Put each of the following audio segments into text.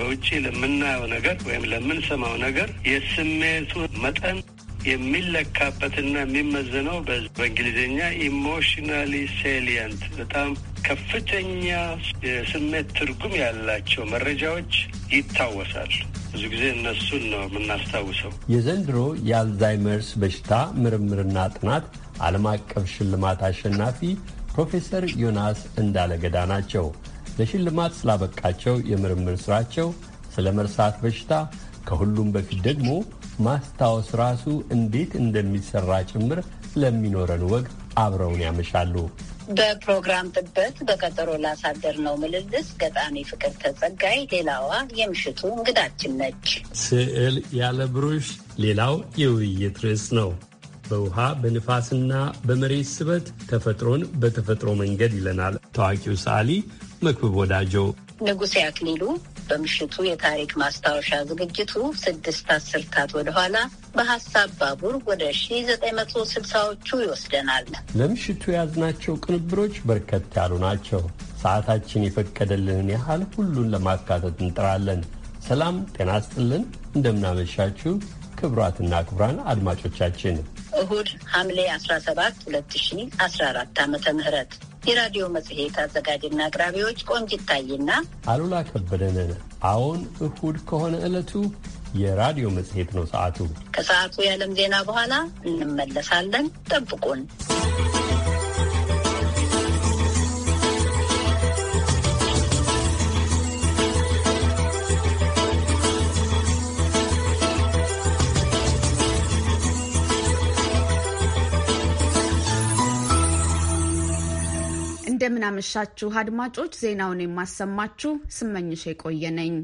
በውጭ ለምናየው ነገር ወይም ለምንሰማው ነገር የስሜቱ መጠን የሚለካበትና የሚመዘነው በእንግሊዝኛ ኢሞሽናሊ ሴሊየንት በጣም ከፍተኛ የስሜት ትርጉም ያላቸው መረጃዎች ይታወሳል። ብዙ ጊዜ እነሱን ነው የምናስታውሰው። የዘንድሮ የአልዛይመርስ በሽታ ምርምርና ጥናት ዓለም አቀፍ ሽልማት አሸናፊ ፕሮፌሰር ዮናስ እንዳለገዳ ናቸው። ለሽልማት ስላበቃቸው የምርምር ስራቸው ስለ መርሳት በሽታ ከሁሉም በፊት ደግሞ ማስታወስ ራሱ እንዴት እንደሚሰራ ጭምር ለሚኖረን ወግ አብረውን ያመሻሉ። በፕሮግራም ጥበት በቀጠሮ ላሳደር ነው ምልልስ ገጣሚ ፍቅር ተጸጋይ ሌላዋ የምሽቱ እንግዳችን ነች። ስዕል ያለ ብሩሽ ሌላው የውይይት ርዕስ ነው። በውሃ በንፋስና በመሬት ስበት ተፈጥሮን በተፈጥሮ መንገድ ይለናል ታዋቂው ሰዓሊ መክብብ ወዳጆ ንጉሴ አክሊሉ በምሽቱ የታሪክ ማስታወሻ ዝግጅቱ ስድስት አስርታት ወደኋላ በሀሳብ ባቡር ወደ ሺ መቶ ዎቹ ይወስደናል። ለምሽቱ የያዝናቸው ቅንብሮች በርከት ያሉ ናቸው። ሰዓታችን የፈቀደልንን ያህል ሁሉን ለማካተት እንጥራለን። ሰላም ጤና ስጥልን፣ እንደምናመሻችሁ ክቡራትና ክቡራን አድማጮቻችን እሁድ ሐምሌ 17 2014 ዓ ም የራዲዮ መጽሔት አዘጋጅና አቅራቢዎች ቆንጅ ይታይና አሉላ ከበደን አዎን እሁድ ከሆነ ዕለቱ የራዲዮ መጽሔት ነው። ሰዓቱ ከሰዓቱ የዓለም ዜና በኋላ እንመለሳለን። ጠብቁን። እንደምናመሻችሁ አድማጮች፣ ዜናውን የማሰማችሁ ስመኝሽ የቆየ ነኝ።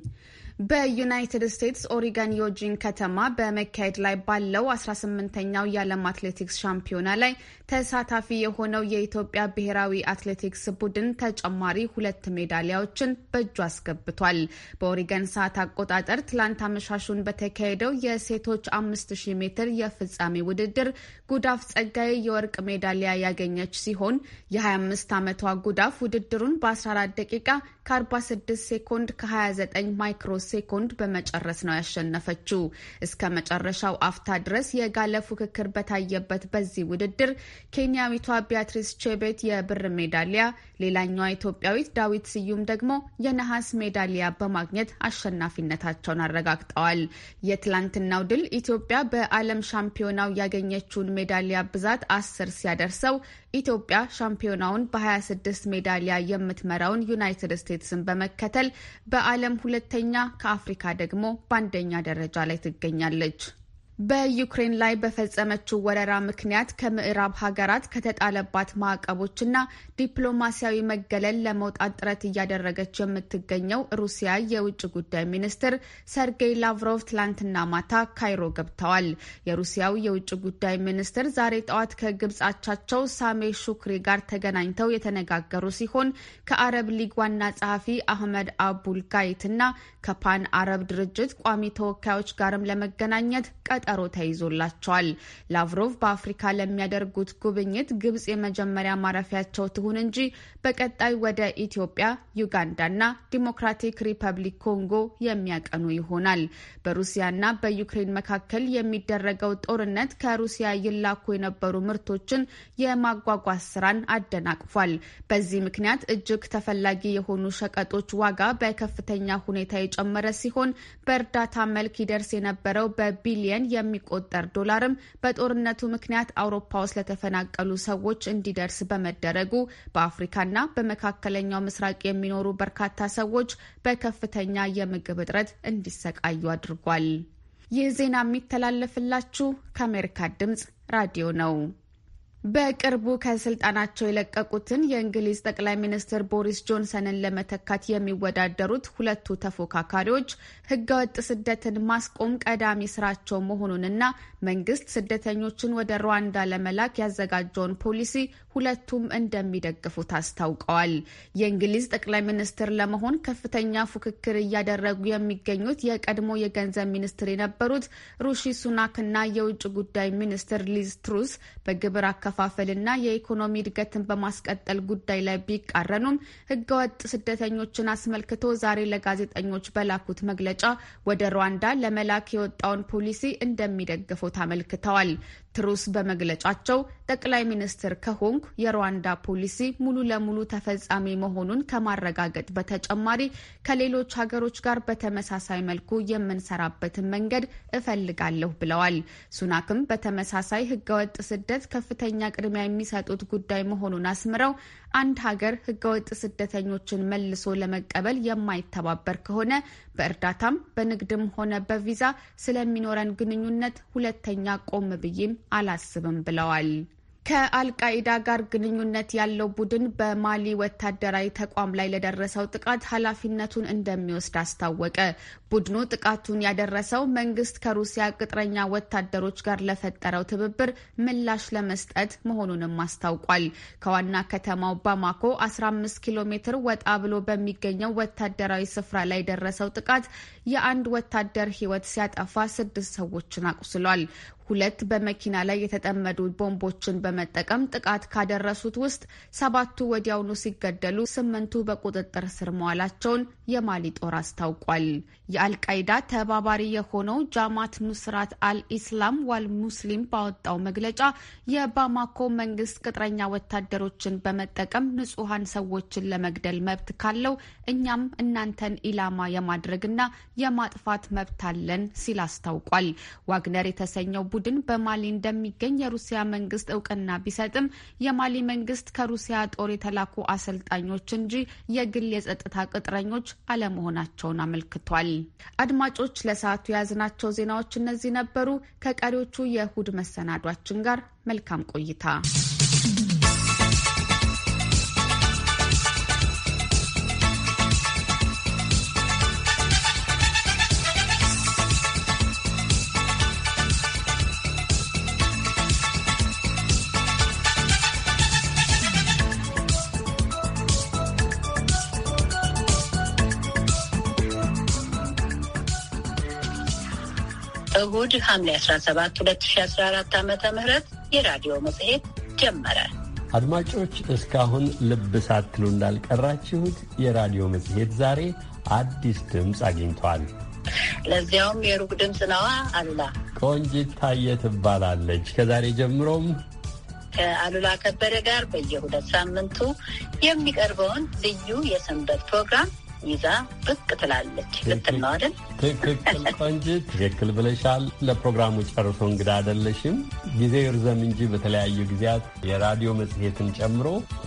በዩናይትድ ስቴትስ ኦሪገን ዮጂን ከተማ በመካሄድ ላይ ባለው 18ኛው የዓለም አትሌቲክስ ሻምፒዮና ላይ ተሳታፊ የሆነው የኢትዮጵያ ብሔራዊ አትሌቲክስ ቡድን ተጨማሪ ሁለት ሜዳሊያዎችን በእጁ አስገብቷል። በኦሪገን ሰዓት አቆጣጠር ትላንት አመሻሹን በተካሄደው የሴቶች 5000 ሜትር የፍጻሜ ውድድር ጉዳፍ ጸጋዬ የወርቅ ሜዳሊያ ያገኘች ሲሆን የ25 ዓመቷ ጉዳፍ ውድድሩን በ14 ደቂቃ ከ46 ሴኮንድ ከ29 ማይክሮ ሴኮንድ በመጨረስ ነው ያሸነፈችው። እስከ መጨረሻው አፍታ ድረስ የጋለ ፉክክር በታየበት በዚህ ውድድር ኬንያዊቷ ቢያትሪስ ቼቤት የብር ሜዳሊያ፣ ሌላኛዋ ኢትዮጵያዊት ዳዊት ስዩም ደግሞ የነሐስ ሜዳሊያ በማግኘት አሸናፊነታቸውን አረጋግጠዋል። የትላንትናው ድል ኢትዮጵያ በዓለም ሻምፒዮናው ያገኘችውን ሜዳሊያ ብዛት አስር ሲያደርሰው ኢትዮጵያ ሻምፒዮናውን በ26 ሜዳሊያ የምትመራውን ዩናይትድ ስቴትስን በመከተል በዓለም ሁለተኛ ከአፍሪካ ደግሞ በአንደኛ ደረጃ ላይ ትገኛለች። በዩክሬን ላይ በፈጸመችው ወረራ ምክንያት ከምዕራብ ሀገራት ከተጣለባት ማዕቀቦችና ዲፕሎማሲያዊ መገለል ለመውጣት ጥረት እያደረገች የምትገኘው ሩሲያ የውጭ ጉዳይ ሚኒስትር ሰርጌይ ላቭሮቭ ትላንትና ማታ ካይሮ ገብተዋል። የሩሲያው የውጭ ጉዳይ ሚኒስትር ዛሬ ጠዋት ከግብጽ አቻቸው ሳሜ ሹክሪ ጋር ተገናኝተው የተነጋገሩ ሲሆን ከአረብ ሊግ ዋና ጸሐፊ አህመድ አቡልጋይት እና ከፓን አረብ ድርጅት ቋሚ ተወካዮች ጋርም ለመገናኘት ቀጥ ቀጠሮ ተይዞላቸዋል። ላቭሮቭ በአፍሪካ ለሚያደርጉት ጉብኝት ግብጽ የመጀመሪያ ማረፊያቸው ትሁን እንጂ በቀጣይ ወደ ኢትዮጵያ፣ ዩጋንዳና ዲሞክራቲክ ሪፐብሊክ ኮንጎ የሚያቀኑ ይሆናል። በሩሲያና በዩክሬን መካከል የሚደረገው ጦርነት ከሩሲያ ይላኩ የነበሩ ምርቶችን የማጓጓዝ ስራን አደናቅፏል። በዚህ ምክንያት እጅግ ተፈላጊ የሆኑ ሸቀጦች ዋጋ በከፍተኛ ሁኔታ የጨመረ ሲሆን በእርዳታ መልክ ይደርስ የነበረው በቢሊየን የሚቆጠር ዶላርም በጦርነቱ ምክንያት አውሮፓ ውስጥ ለተፈናቀሉ ሰዎች እንዲደርስ በመደረጉ በአፍሪካና በመካከለኛው ምስራቅ የሚኖሩ በርካታ ሰዎች በከፍተኛ የምግብ እጥረት እንዲሰቃዩ አድርጓል። ይህ ዜና የሚተላለፍላችሁ ከአሜሪካ ድምጽ ራዲዮ ነው። በቅርቡ ከስልጣናቸው የለቀቁትን የእንግሊዝ ጠቅላይ ሚኒስትር ቦሪስ ጆንሰንን ለመተካት የሚወዳደሩት ሁለቱ ተፎካካሪዎች ህገወጥ ስደትን ማስቆም ቀዳሚ ስራቸው መሆኑንና መንግስት ስደተኞችን ወደ ሩዋንዳ ለመላክ ያዘጋጀውን ፖሊሲ ሁለቱም እንደሚደግፉት አስታውቀዋል። የእንግሊዝ ጠቅላይ ሚኒስትር ለመሆን ከፍተኛ ፉክክር እያደረጉ የሚገኙት የቀድሞ የገንዘብ ሚኒስትር የነበሩት ሩሺ ሱናክ እና የውጭ ጉዳይ ሚኒስትር ሊዝ ትሩስ በግብር አካፋ በማከፋፈልና የኢኮኖሚ እድገትን በማስቀጠል ጉዳይ ላይ ቢቃረኑም ህገወጥ ስደተኞችን አስመልክቶ ዛሬ ለጋዜጠኞች በላኩት መግለጫ ወደ ሩዋንዳ ለመላክ የወጣውን ፖሊሲ እንደሚደግፉት አመልክተዋል። ትሩስ በመግለጫቸው ጠቅላይ ሚኒስትር ከሆንኩ የሩዋንዳ ፖሊሲ ሙሉ ለሙሉ ተፈጻሚ መሆኑን ከማረጋገጥ በተጨማሪ ከሌሎች ሀገሮች ጋር በተመሳሳይ መልኩ የምንሰራበትን መንገድ እፈልጋለሁ ብለዋል። ሱናክም በተመሳሳይ ህገወጥ ስደት ከፍተኛ ቅድሚያ የሚሰጡት ጉዳይ መሆኑን አስምረው አንድ ሀገር ህገወጥ ስደተኞችን መልሶ ለመቀበል የማይተባበር ከሆነ በእርዳታም በንግድም ሆነ በቪዛ ስለሚኖረን ግንኙነት ሁለተኛ ቆም ብዬም አላስብም ብለዋል። ከአልቃኢዳ ጋር ግንኙነት ያለው ቡድን በማሊ ወታደራዊ ተቋም ላይ ለደረሰው ጥቃት ኃላፊነቱን እንደሚወስድ አስታወቀ። ቡድኑ ጥቃቱን ያደረሰው መንግስት ከሩሲያ ቅጥረኛ ወታደሮች ጋር ለፈጠረው ትብብር ምላሽ ለመስጠት መሆኑንም አስታውቋል። ከዋና ከተማው ባማኮ 15 ኪሎ ሜትር ወጣ ብሎ በሚገኘው ወታደራዊ ስፍራ ላይ የደረሰው ጥቃት የአንድ ወታደር ሕይወት ሲያጠፋ ስድስት ሰዎችን አቁስሏል። ሁለት በመኪና ላይ የተጠመዱ ቦምቦችን በመጠቀም ጥቃት ካደረሱት ውስጥ ሰባቱ ወዲያውኑ ሲገደሉ ስምንቱ በቁጥጥር ስር መዋላቸውን የማሊ ጦር አስታውቋል። የአልቃይዳ ተባባሪ የሆነው ጃማት ኑስራት አልኢስላም ዋል ሙስሊም ባወጣው መግለጫ የባማኮ መንግስት ቅጥረኛ ወታደሮችን በመጠቀም ንጹሐን ሰዎችን ለመግደል መብት ካለው እኛም እናንተን ኢላማ የማድረግና የማጥፋት መብት አለን ሲል አስታውቋል። ዋግነር የተሰኘው ቡድን በማሊ እንደሚገኝ የሩሲያ መንግስት እውቅና ቢሰጥም የማሊ መንግስት ከሩሲያ ጦር የተላኩ አሰልጣኞች እንጂ የግል የጸጥታ ቅጥረኞች አለመሆናቸውን አመልክቷል። አድማጮች ለሰዓቱ የያዝናቸው ዜናዎች እነዚህ ነበሩ። ከቀሪዎቹ የእሁድ መሰናዷችን ጋር መልካም ቆይታ እሁድ ሐምሌ 17 2014 ዓ ም የራዲዮ መጽሔት ጀመረ። አድማጮች እስካሁን ልብ ሳትሉ እንዳልቀራችሁት የራዲዮ መጽሔት ዛሬ አዲስ ድምፅ አግኝቷል። ለዚያውም የሩቅ ድምፅ ነዋ። አሉላ ቆንጂት ታየ ትባላለች። ከዛሬ ጀምሮም ከአሉላ ከበደ ጋር በየሁለት ሳምንቱ የሚቀርበውን ልዩ የሰንበት ፕሮግራም ይዛ ብቅ ትላለች። ልትል ነው አይደል? ትክክል ቆንጂ፣ ትክክል ብለሻል። ለፕሮግራሙ ጨርሶ እንግዳ አይደለሽም። ጊዜ ይርዘም እንጂ በተለያዩ ጊዜያት የራዲዮ መጽሔትን ጨምሮ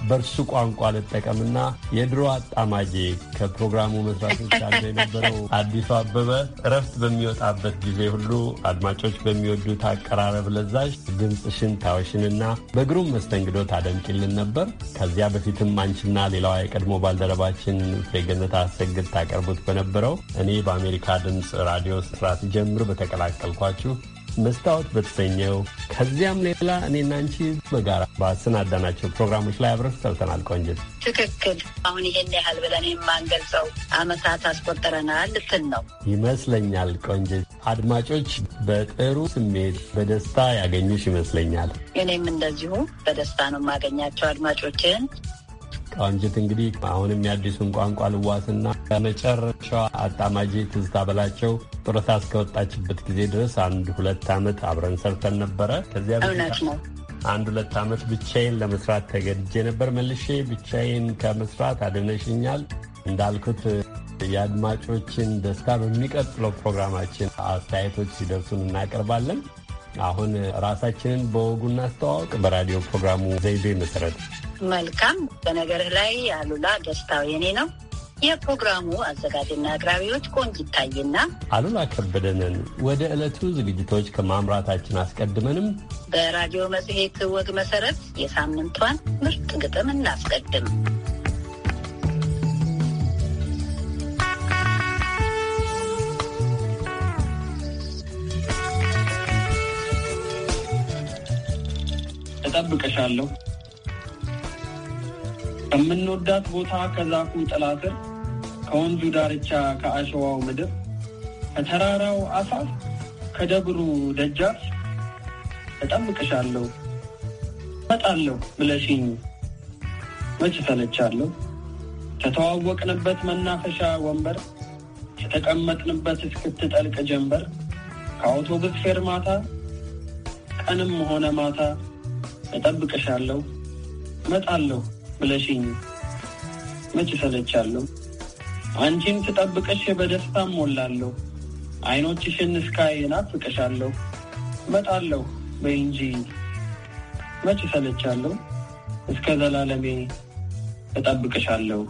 በእርሱ ቋንቋ ልጠቀምና የድሮ አጣማጄ ከፕሮግራሙ መስራቾች አንዱ የነበረው አዲሱ አበበ እረፍት በሚወጣበት ጊዜ ሁሉ አድማጮች በሚወዱት አቀራረብ ለዛሽ ድምፅሽን ታወሽንና በግሩም መስተንግዶ ታደምቂልን ነበር። ከዚያ በፊትም አንቺና ሌላዋ የቀድሞ ባልደረባችን ፍሬገነት ስታሰግድ ታቀርቡት በነበረው እኔ በአሜሪካ ድምፅ ራዲዮ ስራት ጀምር በተቀላቀልኳችሁ መስታወት በተሰኘው ከዚያም ሌላ እኔና አንቺ በጋራ ባሰናዳናቸው ፕሮግራሞች ላይ አብረን ሰርተናል። ቆንጅት ትክክል። አሁን ይህን ያህል ብለን የማንገልጸው አመታት አስቆጠረናል ስን ነው ይመስለኛል። ቆንጅት አድማጮች በጥሩ ስሜት በደስታ ያገኙሽ ይመስለኛል። እኔም እንደዚሁ በደስታ ነው የማገኛቸው አድማጮችን ቆንጅት እንግዲህ አሁንም የአዲሱን ቋንቋ ልዋስና ከመጨረሻ አጣማጂ ትዝታ በላቸው ጡረታ እስከወጣችበት ጊዜ ድረስ አንድ ሁለት ዓመት አብረን ሰርተን ነበረ። ከዚያ አንድ ሁለት ዓመት ብቻዬን ለመስራት ተገድጄ ነበር። መልሼ ብቻዬን ከመስራት አድነሽኛል። እንዳልኩት የአድማጮችን ደስታ በሚቀጥለው ፕሮግራማችን አስተያየቶች ሲደርሱን እናቀርባለን። አሁን ራሳችንን በወጉ እናስተዋወቅ። በራዲዮ ፕሮግራሙ ዘይቤ መሰረት መልካም በነገርህ ላይ አሉላ ደስታው የኔ ነው። የፕሮግራሙ አዘጋጅና አቅራቢዎች ቆንጅ ይታይና አሉላ ከበደንን። ወደ ዕለቱ ዝግጅቶች ከማምራታችን አስቀድመንም በራዲዮ መጽሔት ወግ መሰረት የሳምንቷን ምርጥ ግጥም እናስቀድም። እጠብቀሻለሁ ከምንወዳት ቦታ ከዛፉ ጥላ ስር፣ ከወንዙ ዳርቻ ከአሸዋው ምድር፣ ከተራራው አፋፍ፣ ከደብሩ ደጃፍ እጠብቅሻለሁ እመጣለሁ ብለሽኝ መች ተለቻለሁ። ከተዋወቅንበት መናፈሻ ወንበር ከተቀመጥንበት እስክትጠልቅ ጀንበር ከአውቶቡስ ፌርማታ ቀንም ሆነ ማታ እጠብቅሻለሁ እመጣለሁ ብለሽኝ መች እሰለቻለሁ። አንቺን ትጠብቀሽ በደስታ ሞላለሁ። አይኖችሽን እስካይ ናፍቅሻለሁ። መጣለሁ በይ እንጂ መች እሰለቻለሁ። እስከ ዘላለሜ እጠብቅሻለሁ።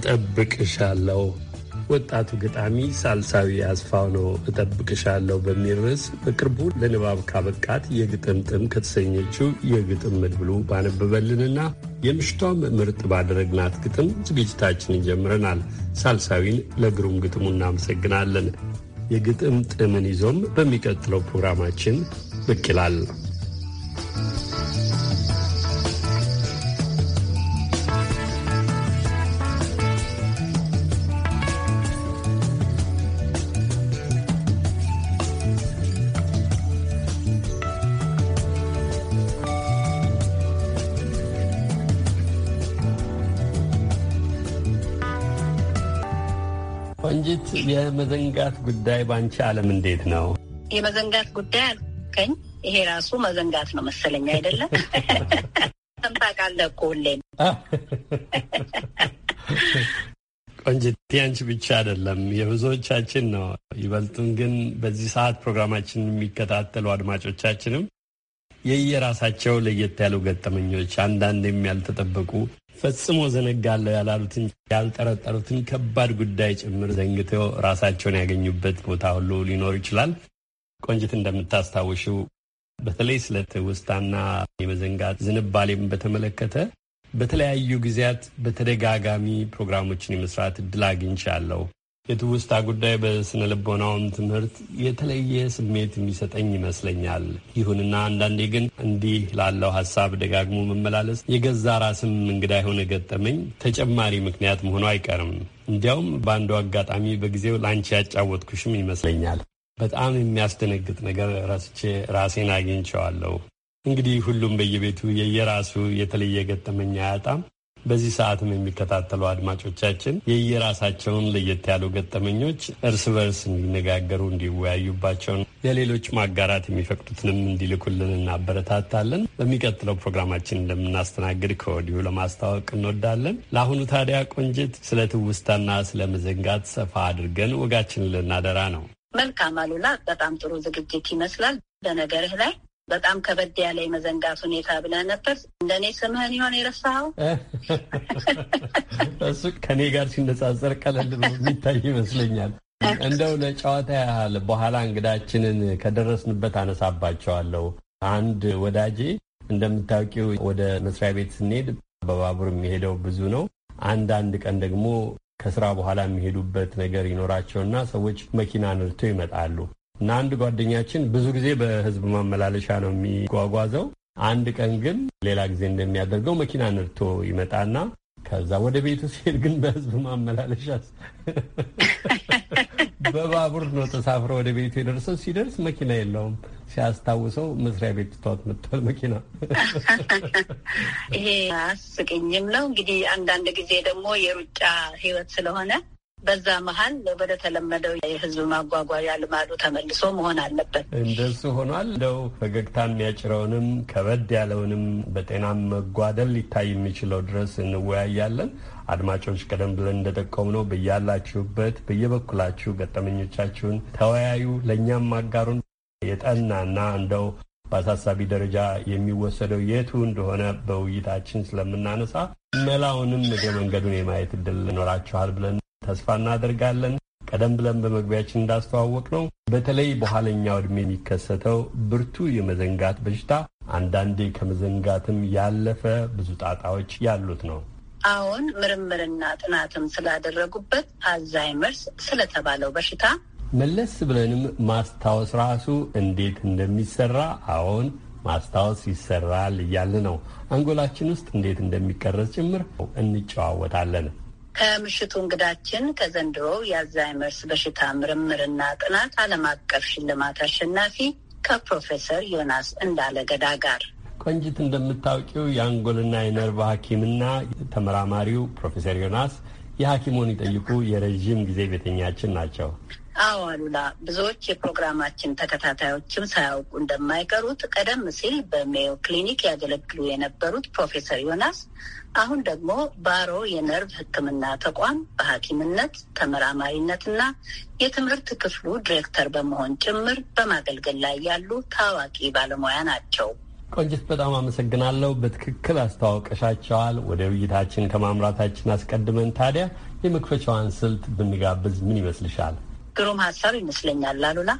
እጠብቅሻለሁ። ወጣቱ ገጣሚ ሳልሳዊ አስፋው ነው እጠብቅሻለሁ በሚል ርዕስ በቅርቡ ለንባብ ካበቃት የግጥምጥም ከተሰኘችው የግጥም መድብሉ ባነበበልንና የምሽቷም ምርጥ ባደረግናት ግጥም ዝግጅታችንን ጀምረናል። ሳልሳዊን ለግሩም ግጥሙ እናመሰግናለን። የግጥም ጥምን ይዞም በሚቀጥለው ፕሮግራማችን ብቅ ይላል። የመዘንጋት ጉዳይ ባንቺ ዓለም እንዴት ነው? የመዘንጋት ጉዳይ አልከኝ። ይሄ ራሱ መዘንጋት ነው መሰለኝ አይደለም። ታውቃለህ እኮ ሁሌም ቆንጅት ያንቺ ብቻ አይደለም የብዙዎቻችን ነው። ይበልጡን ግን በዚህ ሰዓት ፕሮግራማችን የሚከታተሉ አድማጮቻችንም የየራሳቸው ለየት ያሉ ገጠመኞች፣ አንዳንድ የሚያልተጠበቁ ፈጽሞ ዘነጋለሁ ያላሉትን ያልጠረጠሩትን ከባድ ጉዳይ ጭምር ዘንግተው ራሳቸውን ያገኙበት ቦታ ሁሉ ሊኖር ይችላል። ቆንጅት እንደምታስታውሽው በተለይ ስለ ትውስታና የመዘንጋት ዝንባሌም በተመለከተ በተለያዩ ጊዜያት በተደጋጋሚ ፕሮግራሞችን የመስራት እድል አግኝቻለሁ። የትውስታ ጉዳይ በስነ ልቦናውም ትምህርት የተለየ ስሜት የሚሰጠኝ ይመስለኛል። ይሁንና አንዳንዴ ግን እንዲህ ላለው ሀሳብ ደጋግሞ መመላለስ የገዛ ራስም እንግዳ የሆነ ገጠመኝ ተጨማሪ ምክንያት መሆኑ አይቀርም። እንዲያውም በአንዱ አጋጣሚ በጊዜው ለአንቺ ያጫወትኩሽም ይመስለኛል። በጣም የሚያስደነግጥ ነገር ረስቼ ራሴን አግኝቸዋለሁ። እንግዲህ ሁሉም በየቤቱ የየራሱ የተለየ ገጠመኝ አያጣም። በዚህ ሰዓትም የሚከታተሉ አድማጮቻችን የየራሳቸውን ለየት ያሉ ገጠመኞች እርስ በርስ እንዲነጋገሩ እንዲወያዩባቸውን ለሌሎች ማጋራት የሚፈቅዱትንም እንዲልኩልን እናበረታታለን። በሚቀጥለው ፕሮግራማችን እንደምናስተናግድ ከወዲሁ ለማስታወቅ እንወዳለን። ለአሁኑ ታዲያ ቆንጅት፣ ስለ ትውስታና ስለ መዘንጋት ሰፋ አድርገን ወጋችንን ልናደራ ነው። መልካም አሉላ፣ በጣም ጥሩ ዝግጅት ይመስላል። በነገርህ ላይ በጣም ከበድ ያለ የመዘንጋት ሁኔታ ብለህ ነበር። እንደኔ ስምህን ይሆን የረሳኸው? እሱ ከኔ ጋር ሲነጻጸር ቀለል የሚታይ ይመስለኛል። እንደው ለጨዋታ ያህል በኋላ እንግዳችንን ከደረስንበት አነሳባቸዋለሁ። አንድ ወዳጄ እንደምታውቂው ወደ መስሪያ ቤት ስንሄድ በባቡር የሚሄደው ብዙ ነው። አንዳንድ ቀን ደግሞ ከስራ በኋላ የሚሄዱበት ነገር ይኖራቸውና ሰዎች መኪና ንርቶ ይመጣሉ። እና አንድ ጓደኛችን ብዙ ጊዜ በህዝብ ማመላለሻ ነው የሚጓጓዘው። አንድ ቀን ግን ሌላ ጊዜ እንደሚያደርገው መኪና ነድቶ ይመጣና ከዛ ወደ ቤቱ ሲሄድ ግን በህዝብ ማመላለሻ በባቡር ነው ተሳፍረ ወደ ቤቱ የደርሰው። ሲደርስ መኪና የለውም። ሲያስታውሰው መስሪያ ቤት ትቷት መጥቷል መኪና። ይሄ አስቂኝም ነው እንግዲህ። አንዳንድ ጊዜ ደግሞ የሩጫ ህይወት ስለሆነ በዛ መሀል ወደ ተለመደው የህዝብ ማጓጓዣ ልማዱ ተመልሶ መሆን አለበት። እንደሱ ሆኗል። እንደው ፈገግታ የሚያጭረውንም ከበድ ያለውንም በጤናም መጓደል ሊታይ የሚችለው ድረስ እንወያያለን። አድማጮች ቀደም ብለን እንደጠቀሙ ነው በያላችሁበት በየበኩላችሁ ገጠመኞቻችሁን ተወያዩ፣ ለእኛም አጋሩን የጠናና እንደው በአሳሳቢ ደረጃ የሚወሰደው የቱ እንደሆነ በውይይታችን ስለምናነሳ መላውንም ወደ መንገዱን የማየት እድል ይኖራችኋል ብለን ተስፋ እናደርጋለን። ቀደም ብለን በመግቢያችን እንዳስተዋወቅ ነው በተለይ በኋለኛው ዕድሜ የሚከሰተው ብርቱ የመዘንጋት በሽታ አንዳንዴ ከመዘንጋትም ያለፈ ብዙ ጣጣዎች ያሉት ነው። አዎን፣ ምርምርና ጥናትም ስላደረጉበት አልዛይመርስ ስለተባለው በሽታ መለስ ብለንም ማስታወስ ራሱ እንዴት እንደሚሰራ አዎን፣ ማስታወስ ይሰራል እያልን ነው። አንጎላችን ውስጥ እንዴት እንደሚቀረጽ ጭምር እንጨዋወታለን። ከምሽቱ እንግዳችን ከዘንድሮ የአልዛይመርስ በሽታ ምርምርና ጥናት ዓለም አቀፍ ሽልማት አሸናፊ ከፕሮፌሰር ዮናስ እንዳለገዳ ጋር ቆንጂት፣ እንደምታውቂው የአንጎልና የነርቭ ሐኪምና ተመራማሪው ፕሮፌሰር ዮናስ የሐኪሙን ይጠይቁ የረዥም ጊዜ ቤተኛችን ናቸው። አዎ አሉላ፣ ብዙዎች የፕሮግራማችን ተከታታዮችም ሳያውቁ እንደማይቀሩት ቀደም ሲል በሜዮ ክሊኒክ ያገለግሉ የነበሩት ፕሮፌሰር ዮናስ አሁን ደግሞ ባሮ የነርቭ ሕክምና ተቋም በሐኪምነት ተመራማሪነትና የትምህርት ክፍሉ ዲሬክተር በመሆን ጭምር በማገልገል ላይ ያሉ ታዋቂ ባለሙያ ናቸው። ቆንጅት፣ በጣም አመሰግናለሁ። በትክክል አስተዋውቀሻቸዋል። ወደ ውይይታችን ከማምራታችን አስቀድመን ታዲያ የመክፈቻዋን ስልት ብንጋብዝ ምን ይመስልሻል? ግሩም ሀሳብ ይመስለኛል አሉላ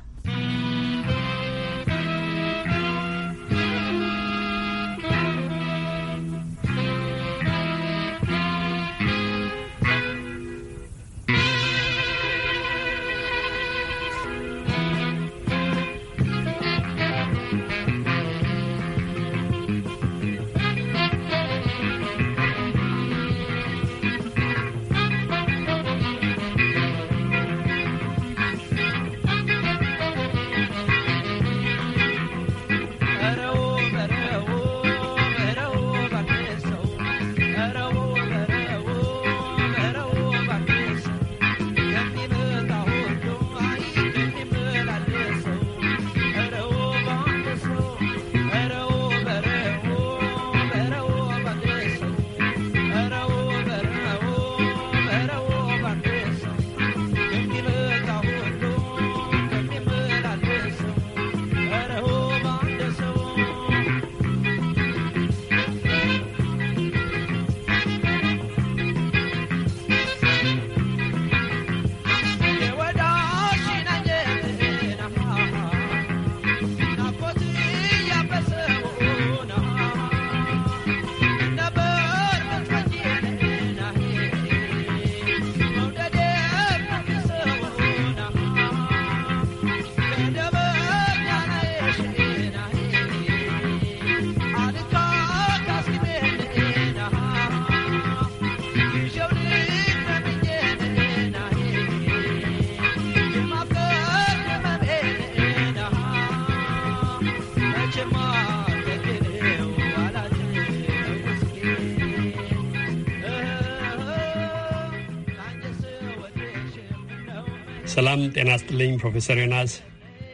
ሰላም ጤና ስጥልኝ ፕሮፌሰር ዮናስ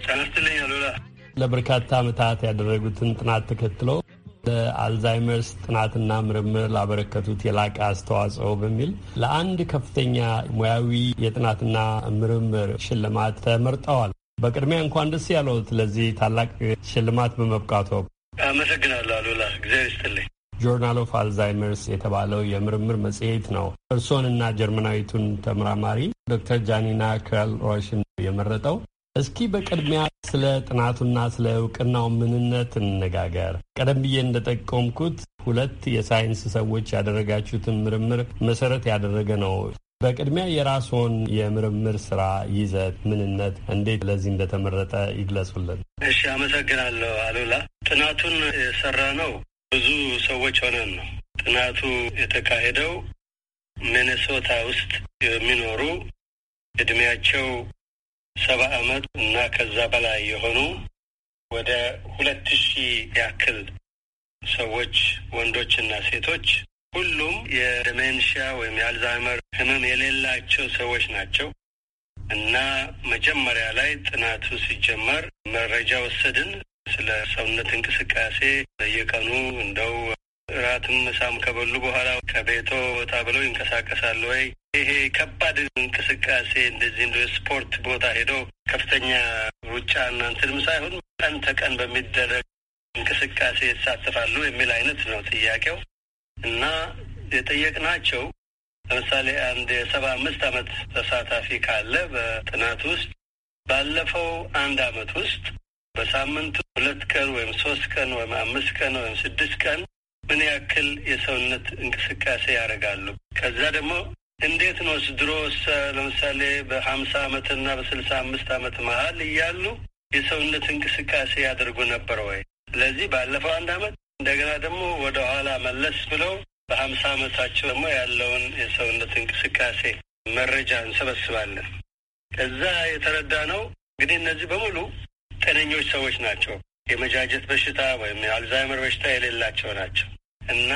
ጤና ስጥልኝ አሉላ ለበርካታ ዓመታት ያደረጉትን ጥናት ተከትሎ ለአልዛይመርስ ጥናትና ምርምር ላበረከቱት የላቀ አስተዋጽኦ በሚል ለአንድ ከፍተኛ ሙያዊ የጥናትና ምርምር ሽልማት ተመርጠዋል። በቅድሚያ እንኳን ደስ ያለዎት ለዚህ ታላቅ ሽልማት በመብቃቶ። አመሰግናለሁ አሉላ፣ እግዚአብሔር ይስጥልኝ። ጆርናል ኦፍ አልዛይመርስ የተባለው የምርምር መጽሔት ነው። እርሶን እና ጀርመናዊቱን ተመራማሪ ዶክተር ጃኒና ክራል ሮሽን የመረጠው። እስኪ በቅድሚያ ስለ ጥናቱና ስለ እውቅናው ምንነት እንነጋገር። ቀደም ብዬ እንደጠቆምኩት ሁለት የሳይንስ ሰዎች ያደረጋችሁትን ምርምር መሰረት ያደረገ ነው። በቅድሚያ የራስዎን የምርምር ስራ ይዘት፣ ምንነት እንዴት ለዚህ እንደተመረጠ ይግለጹልን። እሺ፣ አመሰግናለሁ አሉላ። ጥናቱን የሰራ ነው ብዙ ሰዎች ሆነን ነው ጥናቱ የተካሄደው። ሚኔሶታ ውስጥ የሚኖሩ እድሜያቸው ሰባ አመት እና ከዛ በላይ የሆኑ ወደ ሁለት ሺህ ያክል ሰዎች ወንዶችና ሴቶች ሁሉም የደሜንሽያ ወይም የአልዛይመር ህመም የሌላቸው ሰዎች ናቸው እና መጀመሪያ ላይ ጥናቱ ሲጀመር መረጃ ወሰድን። ስለ ሰውነት እንቅስቃሴ በየቀኑ እንደው እራትም ምሳም ከበሉ በኋላ ከቤቶ ወጣ ብለው ይንቀሳቀሳሉ ወይ? ይሄ ከባድ እንቅስቃሴ እንደዚህ እንደ ስፖርት ቦታ ሄዶ ከፍተኛ ሩጫ እናንትንም ሳይሆን ቀን ተቀን በሚደረግ እንቅስቃሴ ይሳተፋሉ የሚል አይነት ነው ጥያቄው እና የጠየቅናቸው ለምሳሌ አንድ የሰባ አምስት ዓመት ተሳታፊ ካለ በጥናት ውስጥ ባለፈው አንድ ዓመት ውስጥ በሳምንቱ ሁለት ቀን ወይም ሶስት ቀን ወይም አምስት ቀን ወይም ስድስት ቀን ምን ያክል የሰውነት እንቅስቃሴ ያደርጋሉ? ከዛ ደግሞ እንዴት ነው ድሮስ ለምሳሌ በሀምሳ አመትና በስልሳ አምስት አመት መሀል እያሉ የሰውነት እንቅስቃሴ ያደርጉ ነበር ወይ? ስለዚህ ባለፈው አንድ አመት እንደገና ደግሞ ወደ ኋላ መለስ ብለው በሀምሳ አመታቸው ደግሞ ያለውን የሰውነት እንቅስቃሴ መረጃ እንሰበስባለን። ከዛ የተረዳ ነው እንግዲህ እነዚህ በሙሉ ጤነኞች ሰዎች ናቸው። የመጃጀት በሽታ ወይም የአልዛይመር በሽታ የሌላቸው ናቸው እና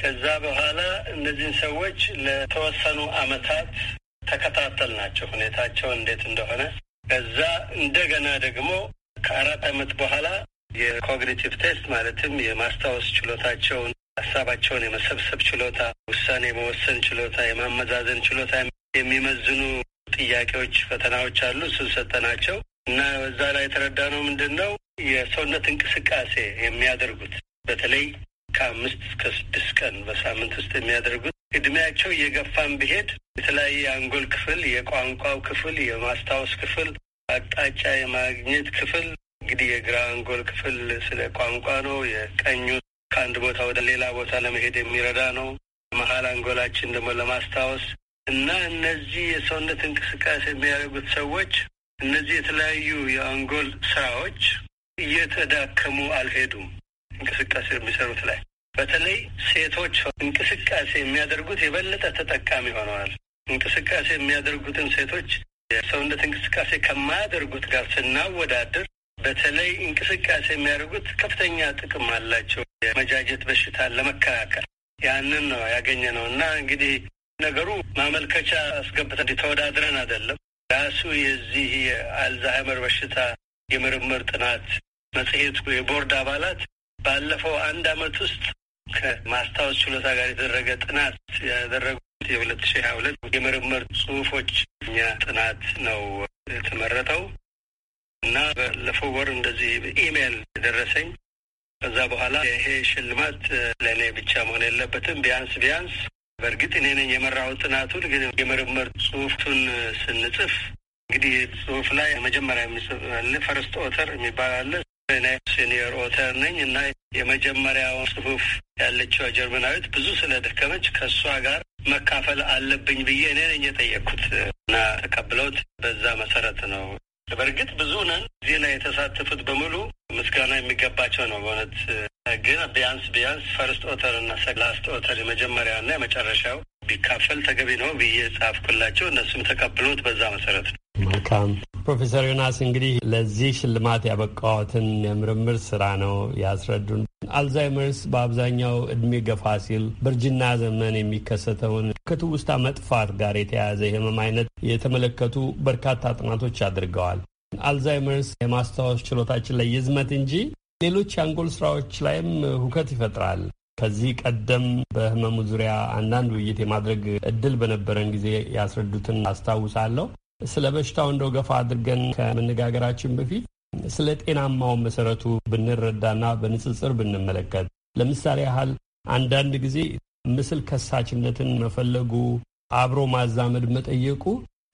ከዛ በኋላ እነዚህን ሰዎች ለተወሰኑ አመታት ተከታተል ናቸው ሁኔታቸው እንዴት እንደሆነ። ከዛ እንደገና ደግሞ ከአራት አመት በኋላ የኮግኒቲቭ ቴስት ማለትም የማስታወስ ችሎታቸውን፣ ሀሳባቸውን የመሰብሰብ ችሎታ፣ ውሳኔ የመወሰን ችሎታ፣ የማመዛዘን ችሎታ የሚመዝኑ ጥያቄዎች፣ ፈተናዎች አሉ። እሱን ሰጠናቸው። እና በዛ ላይ የተረዳነው ምንድን ነው የሰውነት እንቅስቃሴ የሚያደርጉት በተለይ ከአምስት እስከ ስድስት ቀን በሳምንት ውስጥ የሚያደርጉት እድሜያቸው እየገፋን ብሄድ የተለያየ የአንጎል ክፍል፣ የቋንቋው ክፍል፣ የማስታወስ ክፍል፣ አቅጣጫ የማግኘት ክፍል እንግዲህ የግራ አንጎል ክፍል ስለ ቋንቋ ነው። የቀኙ ከአንድ ቦታ ወደ ሌላ ቦታ ለመሄድ የሚረዳ ነው። መሀል አንጎላችን ደግሞ ለማስታወስ እና እነዚህ የሰውነት እንቅስቃሴ የሚያደርጉት ሰዎች እነዚህ የተለያዩ የአንጎል ስራዎች እየተዳከሙ አልሄዱም። እንቅስቃሴ የሚሰሩት ላይ በተለይ ሴቶች እንቅስቃሴ የሚያደርጉት የበለጠ ተጠቃሚ ሆነዋል። እንቅስቃሴ የሚያደርጉትን ሴቶች የሰውነት እንቅስቃሴ ከማያደርጉት ጋር ስናወዳድር በተለይ እንቅስቃሴ የሚያደርጉት ከፍተኛ ጥቅም አላቸው። የመጃጀት በሽታን ለመከላከል ያንን ነው ያገኘ ነው እና እንግዲህ ነገሩ ማመልከቻ አስገብተን ተወዳድረን አይደለም ራሱ የዚህ የአልዛይመር በሽታ የምርምር ጥናት መጽሔቱ የቦርድ አባላት ባለፈው አንድ አመት ውስጥ ከማስታወስ ችሎታ ጋር የተደረገ ጥናት ያደረጉት የሁለት ሺህ ሀያ ሁለት የምርምር ጽሁፎች እኛ ጥናት ነው የተመረጠው እና ባለፈው ወር እንደዚህ ኢሜይል ደረሰኝ። ከዛ በኋላ ይሄ ሽልማት ለእኔ ብቻ መሆን የለበትም ቢያንስ ቢያንስ በእርግጥ እኔ ነኝ የመራው ጥናቱን። ግን የምርምር ጽሁፍቱን ስንጽፍ እንግዲህ ጽሁፍ ላይ መጀመሪያ የሚጽፍ ፈርስት ኦተር የሚባል አለ። እኔ ሲኒየር ኦተር ነኝ እና የመጀመሪያውን ጽሁፍ ያለችው ጀርመናዊት ብዙ ስለደከመች ከእሷ ጋር መካፈል አለብኝ ብዬ እኔ ነኝ የጠየቅኩት እና ተቀብለውት በዛ መሰረት ነው። በእርግጥ ብዙ ነን ዜና የተሳተፉት በሙሉ ምስጋና የሚገባቸው ነው በእውነት ግን ቢያንስ ቢያንስ ፈርስት ኦተር እና ላስት ኦተር የመጀመሪያና የመጨረሻው ቢካፈል ተገቢ ነው ብዬ ጻፍኩላቸው። እነሱም ተቀብሎት በዛ መሰረት ነው። መልካም ፕሮፌሰር ዮናስ እንግዲህ ለዚህ ሽልማት ያበቃዎትን የምርምር ስራ ነው ያስረዱን። አልዛይመርስ በአብዛኛው እድሜ ገፋ ሲል በእርጅና ዘመን የሚከሰተውን ከትውስታ መጥፋት ጋር የተያያዘ የህመም አይነት የተመለከቱ በርካታ ጥናቶች አድርገዋል። አልዛይመርስ የማስታወስ ችሎታችን ላይ ይዝመት እንጂ ሌሎች የአንጎል ስራዎች ላይም ሁከት ይፈጥራል። ከዚህ ቀደም በህመሙ ዙሪያ አንዳንድ ውይይት የማድረግ እድል በነበረን ጊዜ ያስረዱትን አስታውሳለሁ። ስለ በሽታው እንደው ገፋ አድርገን ከመነጋገራችን በፊት ስለ ጤናማው መሰረቱ ብንረዳና በንጽጽር ብንመለከት ለምሳሌ ያህል አንዳንድ ጊዜ ምስል ከሳችነትን መፈለጉ አብሮ ማዛመድ መጠየቁ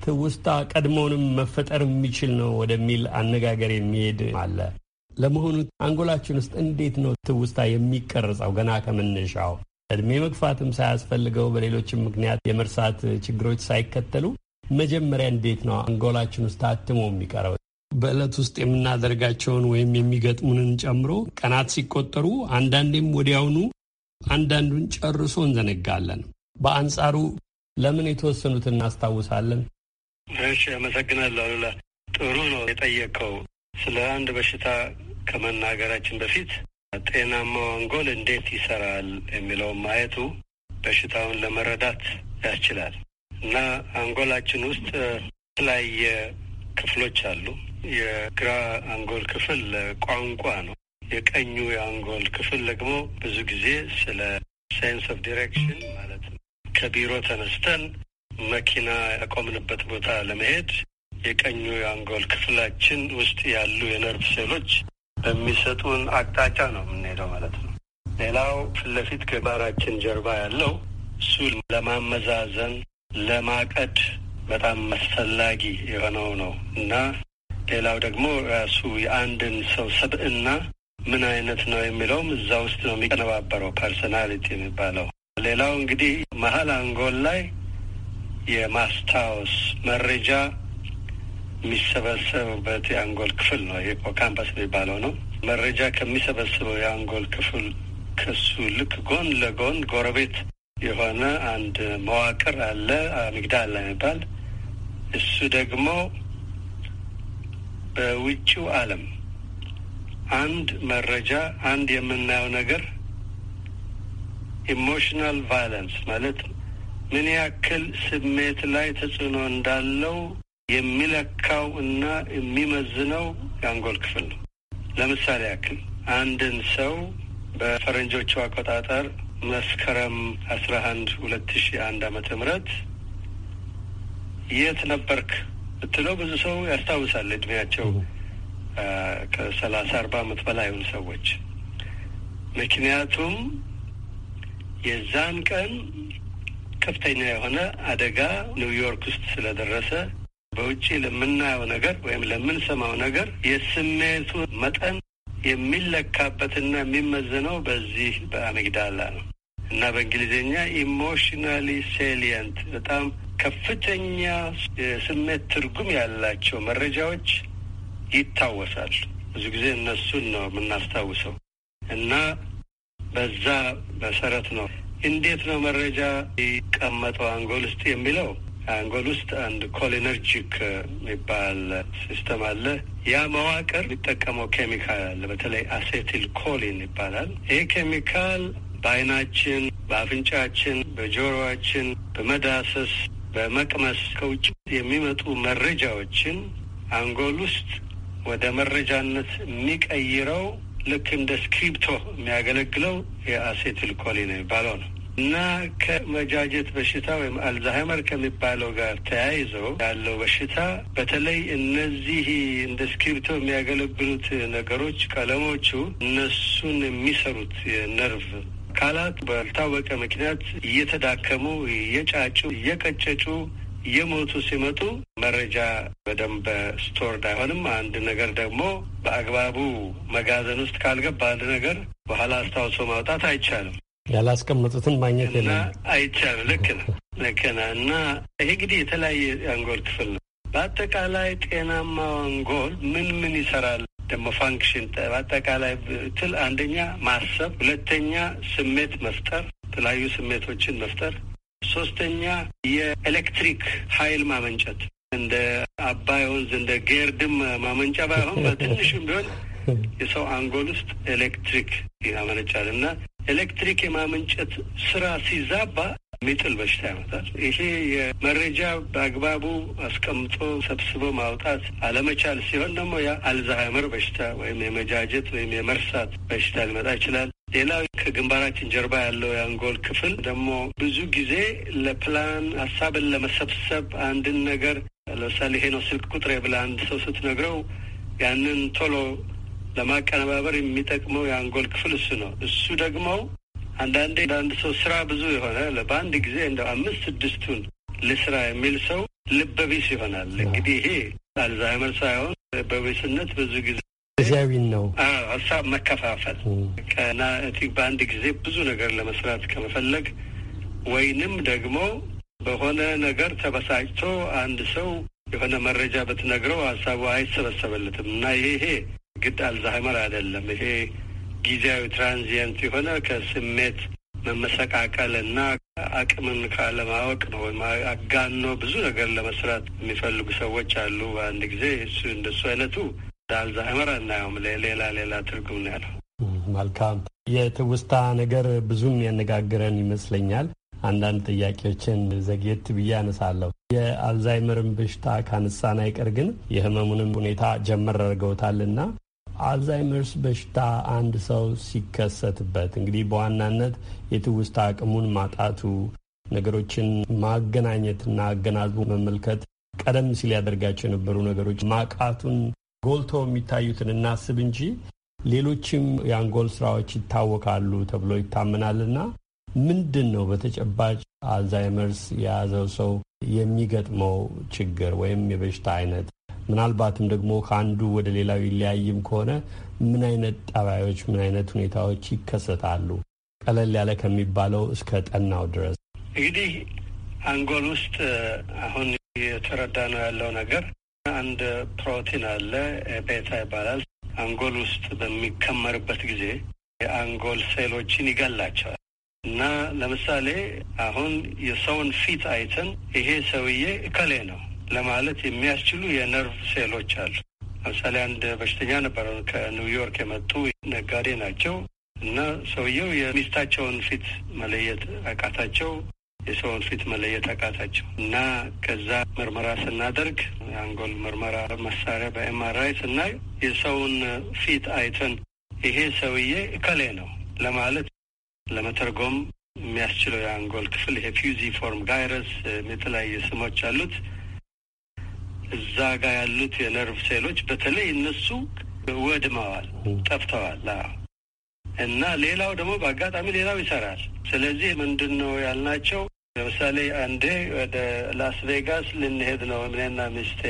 ትውስታ ቀድሞውንም መፈጠር የሚችል ነው ወደሚል አነጋገር የሚሄድ አለ። ለመሆኑ አንጎላችን ውስጥ እንዴት ነው ትውስታ የሚቀርጸው? ገና ከመነሻው እድሜ መግፋትም ሳያስፈልገው በሌሎችም ምክንያት የመርሳት ችግሮች ሳይከተሉ መጀመሪያ እንዴት ነው አንጎላችን ውስጥ አትሞ የሚቀረው? በዕለት ውስጥ የምናደርጋቸውን ወይም የሚገጥሙንን ጨምሮ ቀናት ሲቆጠሩ፣ አንዳንዴም ወዲያውኑ፣ አንዳንዱን ጨርሶ እንዘነጋለን። በአንጻሩ ለምን የተወሰኑትን እናስታውሳለን? እሺ፣ አመሰግናለሁ አሉላ። ጥሩ ነው የጠየቀው። ስለ አንድ በሽታ ከመናገራችን በፊት ጤናማው አንጎል እንዴት ይሰራል የሚለውን ማየቱ በሽታውን ለመረዳት ያስችላል። እና አንጎላችን ውስጥ የተለያየ ክፍሎች አሉ። የግራ አንጎል ክፍል ቋንቋ ነው። የቀኙ የአንጎል ክፍል ደግሞ ብዙ ጊዜ ስለ ሴንስ ኦፍ ዲሬክሽን ማለት ነው ከቢሮ ተነስተን መኪና ያቆምንበት ቦታ ለመሄድ የቀኙ የአንጎል ክፍላችን ውስጥ ያሉ የነርቭ ሴሎች በሚሰጡን አቅጣጫ ነው የምንሄደው ማለት ነው። ሌላው ፊት ለፊት ከባራችን ጀርባ ያለው እሱ ለማመዛዘን ለማቀድ በጣም አስፈላጊ የሆነው ነው እና ሌላው ደግሞ ራሱ የአንድን ሰው ስብዕና ምን አይነት ነው የሚለውም እዛ ውስጥ ነው የሚቀነባበረው ፐርሶናሊቲ የሚባለው። ሌላው እንግዲህ መሀል አንጎል ላይ የማስታወስ መረጃ የሚሰበሰብበት የአንጎል ክፍል ነው። ሂፖካምፓስ የሚባለው ነው። መረጃ ከሚሰበስበው የአንጎል ክፍል ከሱ ልክ ጎን ለጎን ጎረቤት የሆነ አንድ መዋቅር አለ፣ አሚግዳላ የሚባል እሱ ደግሞ በውጭው ዓለም አንድ መረጃ አንድ የምናየው ነገር ኢሞሽናል ቫይለንስ ማለት ምን ያክል ስሜት ላይ ተጽዕኖ እንዳለው የሚለካው እና የሚመዝነው የአንጎል ክፍል ነው። ለምሳሌ ያክል አንድን ሰው በፈረንጆቹ አቆጣጠር መስከረም አስራ አንድ ሁለት ሺ አንድ አመተ ምህረት የት ነበርክ ብትለው ብዙ ሰው ያስታውሳል። እድሜያቸው ከሰላሳ አርባ አመት በላይ የሆኑ ሰዎች ምክንያቱም የዛን ቀን ከፍተኛ የሆነ አደጋ ኒውዮርክ ውስጥ ስለደረሰ በውጭ ለምናየው ነገር ወይም ለምንሰማው ነገር የስሜቱ መጠን የሚለካበትና የሚመዘነው በዚህ በአሚግዳላ ነው እና በእንግሊዝኛ ኢሞሽናሊ ሴሊየንት በጣም ከፍተኛ የስሜት ትርጉም ያላቸው መረጃዎች ይታወሳል። ብዙ ጊዜ እነሱን ነው የምናስታውሰው እና በዛ መሰረት ነው እንዴት ነው መረጃ ይቀመጠው አንጎል ውስጥ የሚለው አንጎል ውስጥ አንድ ኮሊነርጂክ የሚባል ሲስተም አለ። ያ መዋቅር የሚጠቀመው ኬሚካል አለ። በተለይ አሴቲል ኮሊን ይባላል። ይህ ኬሚካል በአይናችን፣ በአፍንጫችን፣ በጆሮችን በመዳሰስ፣ በመቅመስ ከውጭ የሚመጡ መረጃዎችን አንጎል ውስጥ ወደ መረጃነት የሚቀይረው ልክ እንደ ስክሪፕቶ የሚያገለግለው የአሴትል ኮሊን የሚባለው ነው እና ከመጃጀት በሽታ ወይም አልዛሃይመር ከሚባለው ጋር ተያይዞ ያለው በሽታ በተለይ እነዚህ እንደ ስክሪፕቶ የሚያገለግሉት ነገሮች ቀለሞቹ እነሱን የሚሰሩት የነርቭ አካላት ባልታወቀ ምክንያት እየተዳከሙ እየጫጩ እየቀጨጩ የሞቱ ሲመጡ መረጃ በደንብ ስቶርድ አይሆንም። አንድ ነገር ደግሞ በአግባቡ መጋዘን ውስጥ ካልገባ አንድ ነገር በኋላ አስታውሶ ማውጣት አይቻልም። ያላስቀመጡትን ማግኘት የለ አይቻልም። ልክ ነው፣ ልክ ነው። እና ይሄ እንግዲህ የተለያየ አንጎል ክፍል ነው። በአጠቃላይ ጤናማ አንጎል ምን ምን ይሰራል? ደግሞ ፋንክሽን በአጠቃላይ ብትል አንደኛ ማሰብ፣ ሁለተኛ ስሜት መፍጠር፣ የተለያዩ ስሜቶችን መፍጠር ሶስተኛ የኤሌክትሪክ ኃይል ማመንጨት እንደ አባይ ወንዝ እንደ ጌርድም ማመንጫ ባይሆን በትንሽም ቢሆን የሰው አንጎል ውስጥ ኤሌክትሪክ ያመነጫል እና ኤሌክትሪክ የማመንጨት ስራ ሲዛባ ሚጥል በሽታ ያመጣል። ይሄ የመረጃ በአግባቡ አስቀምጦ ሰብስቦ ማውጣት አለመቻል ሲሆን ደግሞ ያ አልዛሃይመር በሽታ ወይም የመጃጀት ወይም የመርሳት በሽታ ሊመጣ ይችላል። ሌላው ከግንባራችን ጀርባ ያለው የአንጎል ክፍል ደግሞ ብዙ ጊዜ ለፕላን ሀሳብን ለመሰብሰብ አንድን ነገር ለምሳሌ ይሄ ነው ስልክ ቁጥር ብለህ አንድ ሰው ስትነግረው ያንን ቶሎ ለማቀነባበር የሚጠቅመው የአንጎል ክፍል እሱ ነው። እሱ ደግሞ አንዳንዴ ለአንድ ሰው ስራ ብዙ የሆነ በአንድ ጊዜ እንደ አምስት ስድስቱን ልስራ የሚል ሰው ልበቢስ ይሆናል። እንግዲህ ይሄ አልዛይመር ሳይሆን ልበቢስነት ብዙ ጊዜ ጊዜያዊን ነው ሀሳብ መከፋፈል እና በአንድ ጊዜ ብዙ ነገር ለመስራት ከመፈለግ ወይንም ደግሞ በሆነ ነገር ተበሳጭቶ አንድ ሰው የሆነ መረጃ ብትነግረው ሀሳቡ አይሰበሰበለትም እና ይሄ ይሄ ግድ አልዛይመር አይደለም። ይሄ ጊዜያዊ ትራንዚየንት የሆነ ከስሜት መመሰቃቀል እና አቅምን ካለማወቅ ነው። ወይም አጋኖ ብዙ ነገር ለመስራት የሚፈልጉ ሰዎች አሉ። በአንድ ጊዜ እሱ እንደሱ አይነቱ አልዛይመር አናየውም። ሌላ ሌላ ትርጉም ነው ያለው። መልካም የትውስታ ነገር ብዙም ያነጋግረን ይመስለኛል። አንዳንድ ጥያቄዎችን ዘግየት ብዬ አነሳለሁ። የአልዛይመርን በሽታ ካነሳን አይቀር ግን የህመሙንም ሁኔታ ጀመር አድርገውታልና አልዛይመርስ በሽታ አንድ ሰው ሲከሰትበት እንግዲህ በዋናነት የትውስታ አቅሙን ማጣቱ፣ ነገሮችን ማገናኘትና አገናዝቦ መመልከት ቀደም ሲል ያደርጋቸው የነበሩ ነገሮች ማቃቱን ጎልቶ የሚታዩትን እናስብ እንጂ ሌሎችም የአንጎል ስራዎች ይታወቃሉ ተብሎ ይታመናልና ምንድን ነው በተጨባጭ አልዛይመርስ የያዘው ሰው የሚገጥመው ችግር ወይም የበሽታ አይነት? ምናልባትም ደግሞ ከአንዱ ወደ ሌላው ይለያይም ከሆነ ምን አይነት ጠባዮች፣ ምን አይነት ሁኔታዎች ይከሰታሉ? ቀለል ያለ ከሚባለው እስከ ጠናው ድረስ እንግዲህ አንጎል ውስጥ አሁን የተረዳ ነው ያለው ነገር አንድ ፕሮቲን አለ ቤታ ይባላል። አንጎል ውስጥ በሚከመርበት ጊዜ የአንጎል ሴሎችን ይገላቸዋል እና ለምሳሌ አሁን የሰውን ፊት አይተን ይሄ ሰውዬ እከሌ ነው ለማለት የሚያስችሉ የነርቭ ሴሎች አሉ። ለምሳሌ አንድ በሽተኛ ነበረ። ከኒውዮርክ የመጡ ነጋዴ ናቸው እና ሰውየው የሚስታቸውን ፊት መለየት አቃታቸው። የሰውን ፊት መለየት አቃታቸው እና ከዛ ምርመራ ስናደርግ አንጎል ምርመራ መሳሪያ በኤምአርአይ ስናይ የሰውን ፊት አይተን ይሄ ሰውዬ እከሌ ነው ለማለት ለመተርጎም የሚያስችለው የአንጎል ክፍል ይሄ ፎርም ጋይረስ የተለያየ ስሞች አሉት። እዛ ጋር ያሉት የነርቭ ሴሎች በተለይ እነሱ ወድመዋል፣ ጠፍተዋል እና ሌላው ደግሞ በአጋጣሚ ሌላው ይሰራል። ስለዚህ ምንድን ነው ያልናቸው ለምሳሌ አንዴ ወደ ላስ ቬጋስ ልንሄድ ነው እኔና ሚስቴ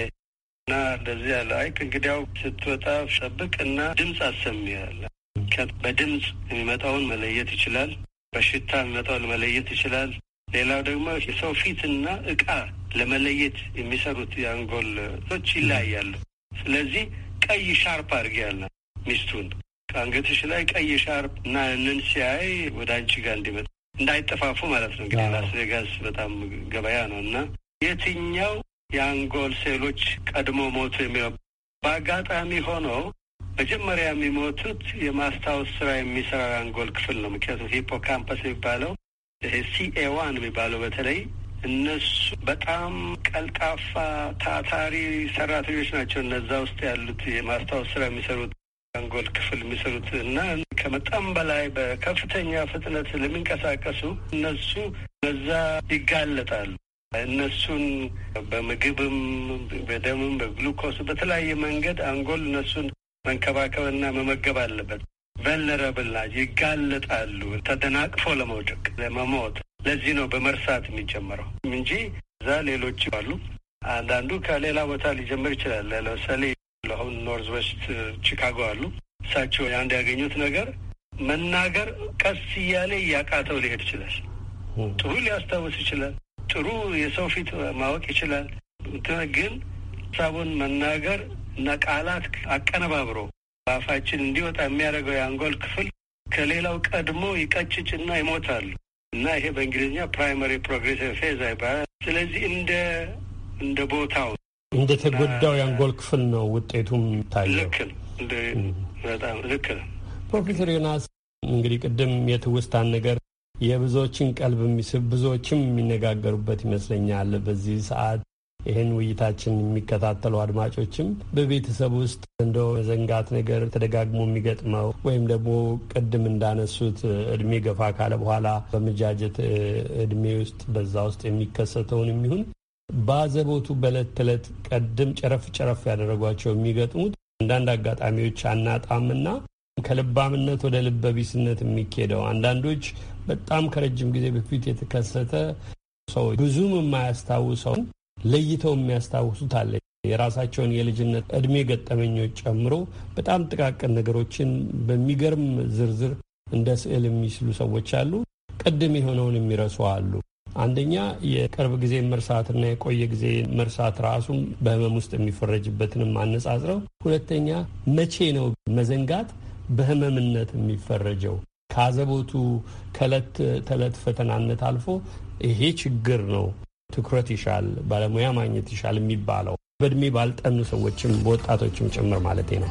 እና እንደዚህ ያለ አይክ እንግዲያው ስትወጣ ጠብቅ እና ድምፅ አሰሚያለ በድምፅ የሚመጣውን መለየት ይችላል። በሽታ የሚመጣውን መለየት ይችላል። ሌላው ደግሞ የሰው ፊትና እቃ ለመለየት የሚሰሩት የአንጎሎች ይለያያሉ። ስለዚህ ቀይ ሻርፕ አድርጌያለ ሚስቱን ከአንገትሽ ላይ ቀይ ሻርፕ እና ንን ሲያይ ወደ አንቺ ጋር እንዲመጣ እንዳይጠፋፉ ማለት ነው። እንግዲህ ላስ ቬጋስ በጣም ገበያ ነው እና የትኛው የአንጎል ሴሎች ቀድሞ ሞቱ የሚለው በአጋጣሚ ሆኖ መጀመሪያ የሚሞቱት የማስታወስ ስራ የሚሰራው የአንጎል ክፍል ነው። ምክንያቱም ሂፖካምፐስ የሚባለው ይሄ ሲኤዋን የሚባለው በተለይ እነሱ በጣም ቀልጣፋ ታታሪ ሰራተኞች ናቸው። እነዛ ውስጥ ያሉት የማስታወስ ስራ የሚሰሩት አንጎል ክፍል የሚሰሩት እና ከመጠን በላይ በከፍተኛ ፍጥነት ለሚንቀሳቀሱ እነሱ በዛ ይጋለጣሉ። እነሱን በምግብም በደምም በግሉኮስ በተለያየ መንገድ አንጎል እነሱን መንከባከብና መመገብ አለበት። ቨልነረብል ይጋለጣሉ ተደናቅፎ ለመውደቅ ለመሞት። ለዚህ ነው በመርሳት የሚጀመረው እንጂ እዛ ሌሎች አሉ። አንዳንዱ ከሌላ ቦታ ሊጀምር ይችላል። ለምሳሌ አሁን ኖርዝ ዌስት ቺካጎ አሉ። እሳቸው አንድ ያገኙት ነገር መናገር ቀስ እያለ እያቃተው ሊሄድ ይችላል። ጥሩ ሊያስታውስ ይችላል። ጥሩ የሰው ፊት ማወቅ ይችላል። ግን ሀሳቡን መናገር እና ቃላት አቀነባብሮ በአፋችን እንዲወጣ የሚያደርገው የአንጎል ክፍል ከሌላው ቀድሞ ይቀጭጭና ይሞታሉ እና ይሄ በእንግሊዝኛ ፕራይመሪ ፕሮግሬሲቭ ፌዝ ይባላል። ስለዚህ እንደ እንደ ቦታው እንደ ተጎዳው የአንጎል ክፍል ነው ውጤቱም ታየው። በጣም ልክ ነው ፕሮፌሰር ዮናስ። እንግዲህ ቅድም የትውስታን ነገር የብዙዎችን ቀልብ የሚስብ ብዙዎችም የሚነጋገሩበት ይመስለኛል። በዚህ ሰዓት ይህን ውይይታችን የሚከታተሉ አድማጮችም በቤተሰብ ውስጥ እንደ መዘንጋት ነገር ተደጋግሞ የሚገጥመው ወይም ደግሞ ቅድም እንዳነሱት እድሜ ገፋ ካለ በኋላ በመጃጀት እድሜ ውስጥ በዛ ውስጥ የሚከሰተውን የሚሆን በአዘቦቱ በዕለት ተዕለት ቀድም ጨረፍ ጨረፍ ያደረጓቸው የሚገጥሙት አንዳንድ አጋጣሚዎች አናጣምና ከልባምነት ወደ ልበቢስነት የሚኬደው አንዳንዶች በጣም ከረጅም ጊዜ በፊት የተከሰተ ሰዎች ብዙም የማያስታውሰውን ለይተው የሚያስታውሱት አለ። የራሳቸውን የልጅነት እድሜ ገጠመኞች ጨምሮ በጣም ጥቃቅን ነገሮችን በሚገርም ዝርዝር እንደ ስዕል የሚስሉ ሰዎች አሉ። ቅድም የሆነውን የሚረሱ አሉ። አንደኛ የቅርብ ጊዜ መርሳትና የቆየ ጊዜ መርሳት ራሱም በህመም ውስጥ የሚፈረጅበትንም አነጻጽረው፣ ሁለተኛ መቼ ነው መዘንጋት በህመምነት የሚፈረጀው? ከአዘቦቱ ከእለት ተዕለት ፈተናነት አልፎ ይሄ ችግር ነው ትኩረት ይሻል፣ ባለሙያ ማግኘት ይሻል የሚባለው በእድሜ ባልጠኑ ሰዎችም በወጣቶችም ጭምር ማለት ነው።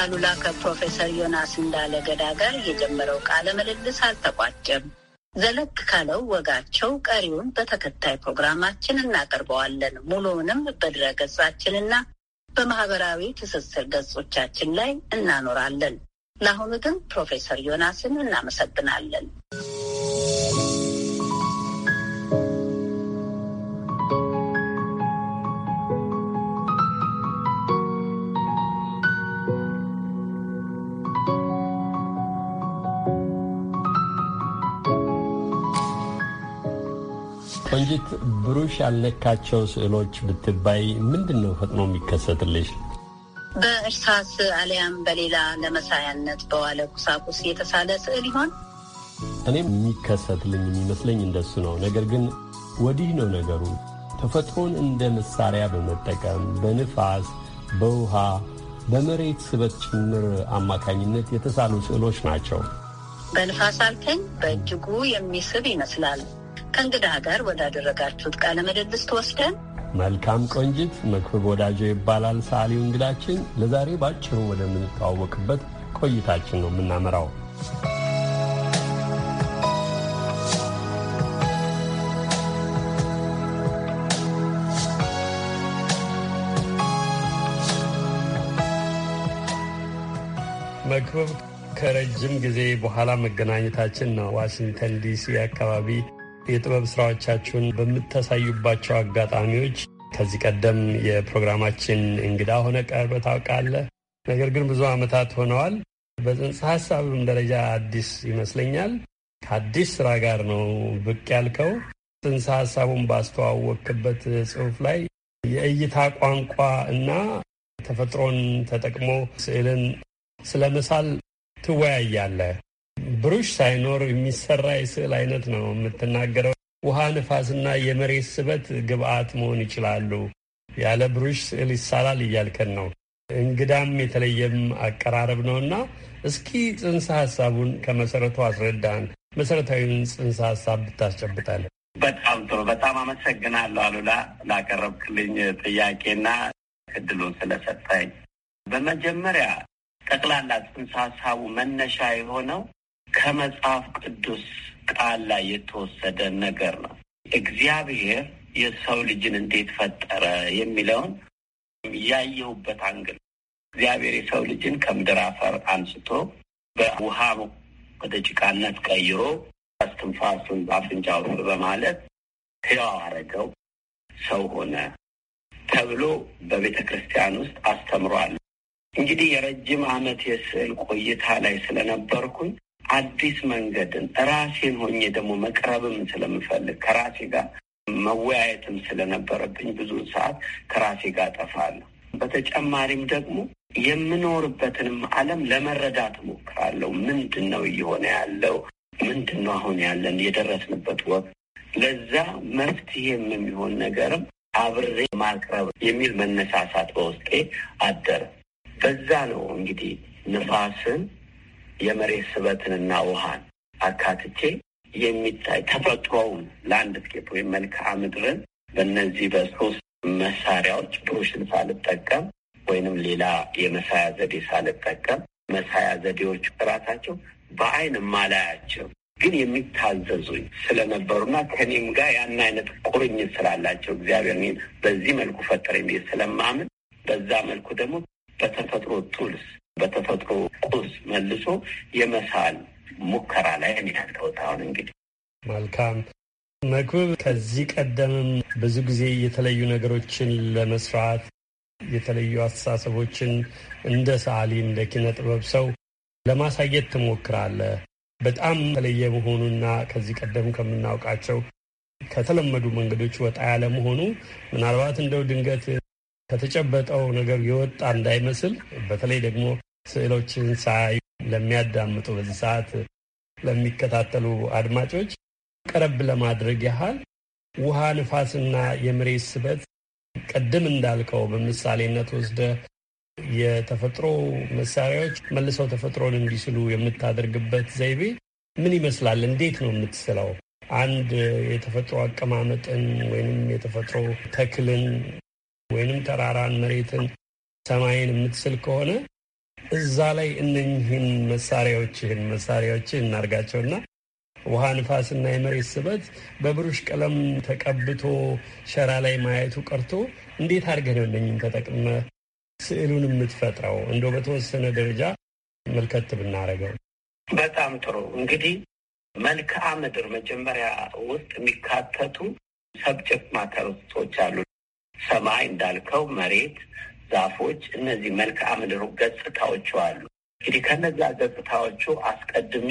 አሉላ ከፕሮፌሰር ዮናስ እንዳለ ገዳ ጋር የጀመረው ቃለ ምልልስ አልተቋጨም። ዘለግ ካለው ወጋቸው ቀሪውን በተከታይ ፕሮግራማችን እናቀርበዋለን። ሙሉውንም በድረ ገጻችንና በማህበራዊ ትስስር ገጾቻችን ላይ እናኖራለን። ለአሁኑ ግን ፕሮፌሰር ዮናስን እናመሰግናለን። ቆንጂት፣ ብሩሽ ያለካቸው ስዕሎች ብትባይ ምንድን ነው ፈጥኖ የሚከሰትልሽ? በእርሳስ አሊያም በሌላ ለመሳያነት በዋለ ቁሳቁስ የተሳለ ስዕል ይሆን? እኔም የሚከሰትልኝ የሚመስለኝ እንደሱ ነው። ነገር ግን ወዲህ ነው ነገሩ። ተፈጥሮን እንደ መሳሪያ በመጠቀም በንፋስ፣ በውሃ፣ በመሬት ስበት ጭምር አማካኝነት የተሳሉ ስዕሎች ናቸው። በንፋስ አልከኝ፣ በእጅጉ የሚስብ ይመስላል። ከእንግዳ ጋር ወዳደረጋችሁት ቃለ ምልልስ ተወስደን መልካም ቆንጅት። መክብብ ወዳጆ ይባላል ሰዓሊው እንግዳችን። ለዛሬ ባጭሩ ወደምንተዋወቅበት ቆይታችን ነው የምናመራው። መክብብ ከረጅም ጊዜ በኋላ መገናኘታችን ነው። ዋሽንግተን ዲሲ አካባቢ የጥበብ ስራዎቻችሁን በምታሳዩባቸው አጋጣሚዎች ከዚህ ቀደም የፕሮግራማችን እንግዳ ሆነ ቀርበ ታውቃለህ። ነገር ግን ብዙ ዓመታት ሆነዋል። በጽንሰ ሀሳብም ደረጃ አዲስ ይመስለኛል። ከአዲስ ስራ ጋር ነው ብቅ ያልከው። ጽንሰ ሀሳቡን ባስተዋወቅበት ጽሁፍ ላይ የእይታ ቋንቋ እና ተፈጥሮን ተጠቅሞ ስዕልን ስለ መሳል ትወያያለህ። ብሩሽ ሳይኖር የሚሰራ የስዕል አይነት ነው የምትናገረው። ውሃ፣ ንፋስና የመሬት ስበት ግብአት መሆን ይችላሉ። ያለ ብሩሽ ስዕል ይሳላል እያልከን ነው። እንግዳም የተለየም አቀራረብ ነውና እስኪ ጽንሰ ሀሳቡን ከመሰረቱ አስረዳን። መሰረታዊውን ጽንሰ ሀሳብ ብታስጨብጣል። በጣም ጥሩ። በጣም አመሰግናለሁ አሉላ ላቀረብክልኝ ጥያቄና እድሉን ስለሰጠኝ። በመጀመሪያ ጠቅላላ ጽንሰ ሀሳቡ መነሻ የሆነው ከመጽሐፍ ቅዱስ ቃል ላይ የተወሰደ ነገር ነው። እግዚአብሔር የሰው ልጅን እንዴት ፈጠረ የሚለውን ያየሁበት አንግል እግዚአብሔር የሰው ልጅን ከምድር አፈር አንስቶ በውሃ ወደ ጭቃነት ቀይሮ አስትንፋሱን በአፍንጫው በማለት ሕያው አረገው፣ ሰው ሆነ ተብሎ በቤተ ክርስቲያን ውስጥ አስተምሯል። እንግዲህ የረጅም ዓመት የስዕል ቆይታ ላይ ስለነበርኩኝ አዲስ መንገድን ራሴን ሆኜ ደግሞ መቅረብም ስለምፈልግ ከራሴ ጋር መወያየትም ስለነበረብኝ ብዙ ሰዓት ከራሴ ጋር ጠፋለሁ። በተጨማሪም ደግሞ የምኖርበትንም ዓለም ለመረዳት እሞክራለሁ። ምንድን ነው እየሆነ ያለው? ምንድን ነው አሁን ያለን የደረስንበት ወቅት? ለዛ መፍትሄ የሚሆን ነገርም አብሬ ማቅረብ የሚል መነሳሳት በውስጤ አደረ። በዛ ነው እንግዲህ ንፋስን የመሬት ስበትንና ውሃን አካትቼ የሚታይ ተፈጥሮውን ላንድስኬፕ ወይም መልክዓ ምድርን በእነዚህ በሶስት መሳሪያዎች ብሩሽን ሳልጠቀም ወይንም ሌላ የመሳያ ዘዴ ሳልጠቀም መሳያ ዘዴዎች እራሳቸው በአይን ማላያቸው ግን የሚታዘዙኝ ስለነበሩና ከኔም ጋር ያን አይነት ቁርኝት ስላላቸው እግዚአብሔር በዚህ መልኩ ፈጠረ ስለማምን በዛ መልኩ ደግሞ በተፈጥሮ ቱልስ በተፈጥሮ ቁስ መልሶ የመሳል ሙከራ ላይ ያለሁት አሁን እንግዲህ መልካም መክብብ፣ ከዚህ ቀደምም ብዙ ጊዜ የተለዩ ነገሮችን ለመስራት የተለዩ አስተሳሰቦችን እንደ ሰዓሊ እንደ ኪነ ጥበብ ሰው ለማሳየት ትሞክራለህ። በጣም የተለየ መሆኑና ከዚህ ቀደም ከምናውቃቸው ከተለመዱ መንገዶች ወጣ ያለ መሆኑ ምናልባት እንደው ድንገት ከተጨበጠው ነገር የወጣ እንዳይመስል በተለይ ደግሞ ስዕሎችን ሳይ ለሚያዳምጡ በዚህ ሰዓት ለሚከታተሉ አድማጮች ቀረብ ለማድረግ ያህል ውሃ፣ ንፋስና የመሬት ስበት ቅድም እንዳልከው በምሳሌነት ወስደ የተፈጥሮ መሳሪያዎች መልሰው ተፈጥሮን እንዲስሉ የምታደርግበት ዘይቤ ምን ይመስላል? እንዴት ነው የምትስለው? አንድ የተፈጥሮ አቀማመጥን ወይንም የተፈጥሮ ተክልን ወይንም ተራራን፣ መሬትን፣ ሰማይን የምትስል ከሆነ እዛ ላይ እነኝህን መሳሪያዎችህን መሳሪያዎች እናርጋቸውና ውሃ ንፋስና የመሬት ስበት በብሩሽ ቀለም ተቀብቶ ሸራ ላይ ማየቱ ቀርቶ እንዴት አድርገህ ነው እነኝህን ተጠቅመ ስዕሉን የምትፈጥረው? እንደው በተወሰነ ደረጃ መልከት ብናደርገው በጣም ጥሩ። እንግዲህ መልክዓ ምድር መጀመሪያ ውስጥ የሚካተቱ ሰብጀክት ማተር አሉ። ሰማይ እንዳልከው፣ መሬት፣ ዛፎች፣ እነዚህ መልክዓ ምድሩ ገጽታዎቹ አሉ። እንግዲህ ከነዛ ገጽታዎቹ አስቀድሜ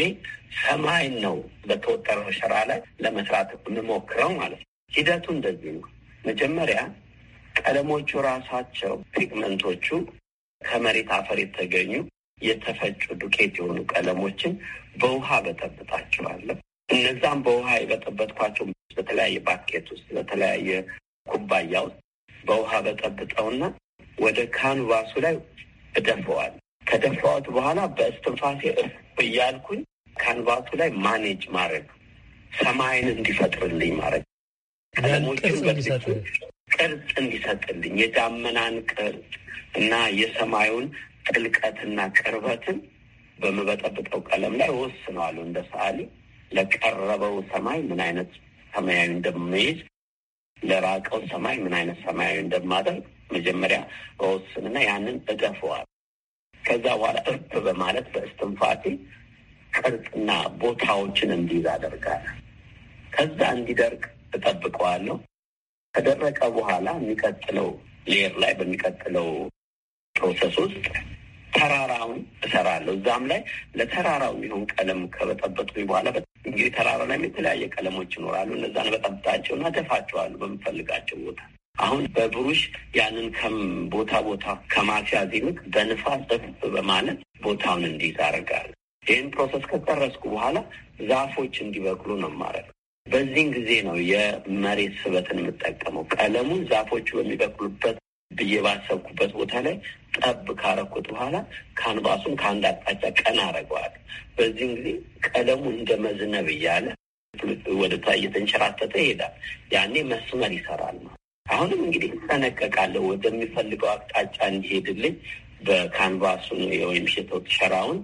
ሰማይን ነው በተወጠረው ሸራ ላይ ለመስራት የምሞክረው ማለት ነው። ሂደቱ እንደዚህ ነው። መጀመሪያ ቀለሞቹ ራሳቸው ፒግመንቶቹ ከመሬት አፈር የተገኙ የተፈጩ ዱቄት የሆኑ ቀለሞችን በውሃ በጠብጣቸዋለሁ። እነዛም በውሃ የበጠበጥኳቸው በተለያየ ባኬት ውስጥ በተለያየ ኩባያ ውስጥ በውሃ በጠብጠውና ወደ ካንቫሱ ላይ እደፈዋል። ከደፋዋት በኋላ በእስትንፋሴ እያልኩኝ ካንቫሱ ላይ ማኔጅ ማድረግ ሰማይን እንዲፈጥርልኝ ማድረግ ቅርጽ እንዲሰጥልኝ የዳመናን ቅርጽ እና የሰማዩን ጥልቀትና ቅርበትን በምበጠብጠው ቀለም ላይ ወስነዋሉ። እንደ ሰዓሊ ለቀረበው ሰማይ ምን አይነት ሰማያዊ እንደሚይዝ፣ ለራቀው ሰማይ ምን አይነት ሰማያዊ እንደማደርግ መጀመሪያ በወስንና ያንን እገፈዋል። ከዛ በኋላ እርፍ በማለት በእስትንፋሴ ቅርጽና ቦታዎችን እንዲይዝ አደርጋል። ከዛ እንዲደርቅ እጠብቀዋለሁ። ከደረቀ በኋላ የሚቀጥለው ሌየር ላይ በሚቀጥለው ፕሮሰስ ውስጥ ተራራውን እሰራለሁ። እዛም ላይ ለተራራው የሚሆን ቀለም ከበጠበጡ በኋላ እንግዲህ ተራራ ላይም የተለያየ ቀለሞች ይኖራሉ። እነዛን በጠብጣቸው እና ደፋቸዋሉ በምፈልጋቸው ቦታ አሁን በብሩሽ ያንን ከቦታ ቦታ ከማስያዝ ይልቅ በንፋስ ደፍ በማለት ቦታውን እንዲይዝ አደርጋለሁ። ይህን ፕሮሰስ ከጨረስኩ በኋላ ዛፎች እንዲበቅሉ ነው ማለት። በዚህን ጊዜ ነው የመሬት ስበትን የምጠቀመው። ቀለሙን ዛፎቹ በሚበቅሉበት ብዬ ባሰብኩበት ቦታ ላይ ጠብ ካረኩት በኋላ ካንባሱን ከአንድ አቅጣጫ ቀና አረገዋል። በዚህን ጊዜ ቀለሙ እንደ መዝነብ እያለ ወደ ታ እየተንሸራተተ ይሄዳል። ያኔ መስመር ይሰራል ነው አሁንም እንግዲህ እጠነቀቃለሁ ወደሚፈልገው አቅጣጫ እንዲሄድልኝ በካንቫሱን ወይም ሽቶት ሸራውን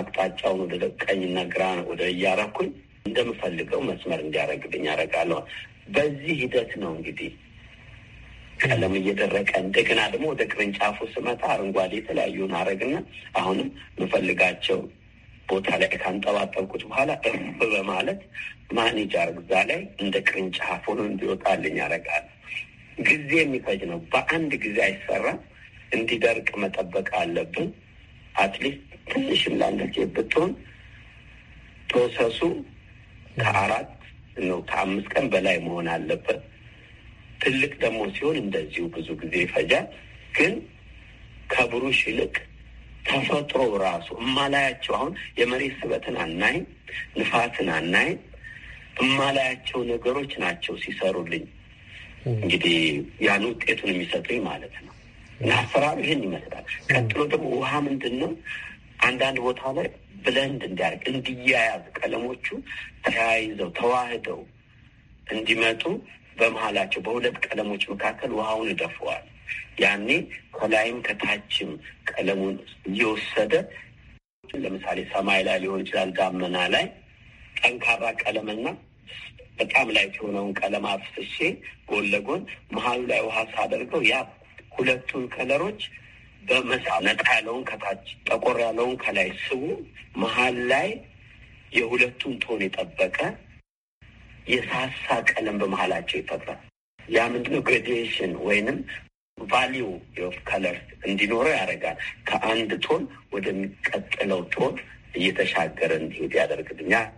አቅጣጫውን ወደ ቀኝና ግራ ወደ እያረኩኝ እንደምፈልገው መስመር እንዲያደርግልኝ ያደርጋለሁ። በዚህ ሂደት ነው እንግዲህ ቀለም እየደረቀ እንደገና ደግሞ ወደ ቅርንጫፉ ስመጣ አረንጓዴ የተለያዩን አረግና አሁንም የምፈልጋቸው ቦታ ላይ ካንጠባጠብኩት በኋላ እፍ በማለት ማኔጅ አርግ ላይ እንደ ቅርንጫፉን እንዲወጣልኝ ያደርጋል። ጊዜ የሚፈጅ ነው። በአንድ ጊዜ አይሰራም። እንዲደርቅ መጠበቅ አለብን። አትሊስት ትንሽም ጊዜ ብትሆን ፕሮሰሱ ከአራት ነው ከአምስት ቀን በላይ መሆን አለበት። ትልቅ ደግሞ ሲሆን እንደዚሁ ብዙ ጊዜ ይፈጃል። ግን ከብሩሽ ይልቅ ተፈጥሮ ራሱ እማላያቸው አሁን የመሬት ስበትን አናይም፣ ንፋትን አናይም። እማላያቸው ነገሮች ናቸው ሲሰሩልኝ እንግዲህ ያን ውጤቱን የሚሰጡኝ ማለት ነው። እና አሰራሩ ይህን ይመስላል። ቀጥሎ ደግሞ ውሃ ምንድን ነው? አንዳንድ ቦታ ላይ ብለንድ እንዲያደርግ እንዲያያዝ ቀለሞቹ ተያይዘው ተዋህደው እንዲመጡ በመሀላቸው በሁለት ቀለሞች መካከል ውሃውን ይደፈዋል። ያኔ ከላይም ከታችም ቀለሙን እየወሰደ ለምሳሌ ሰማይ ላይ ሊሆን ይችላል፣ ዳመና ላይ ጠንካራ ቀለምና በጣም ላይ የሆነውን ቀለም አፍስሼ ጎን ለጎን መሀሉ ላይ ውሃ ሳደርገው ያ ሁለቱን ከለሮች በመሳ ነጣ ያለውን ከታች ጠቆር ያለውን ከላይ ስቡ መሀል ላይ የሁለቱን ቶን የጠበቀ የሳሳ ቀለም በመሀላቸው ይፈጥራል። ያ ምንድነው ግሬዲዬሽን ወይንም ቫሊዩ ኦፍ ከለር እንዲኖረው ያደርጋል። ከአንድ ቶን ወደሚቀጥለው ቶን እየተሻገረ እንዲሄድ ያደርግልኛል።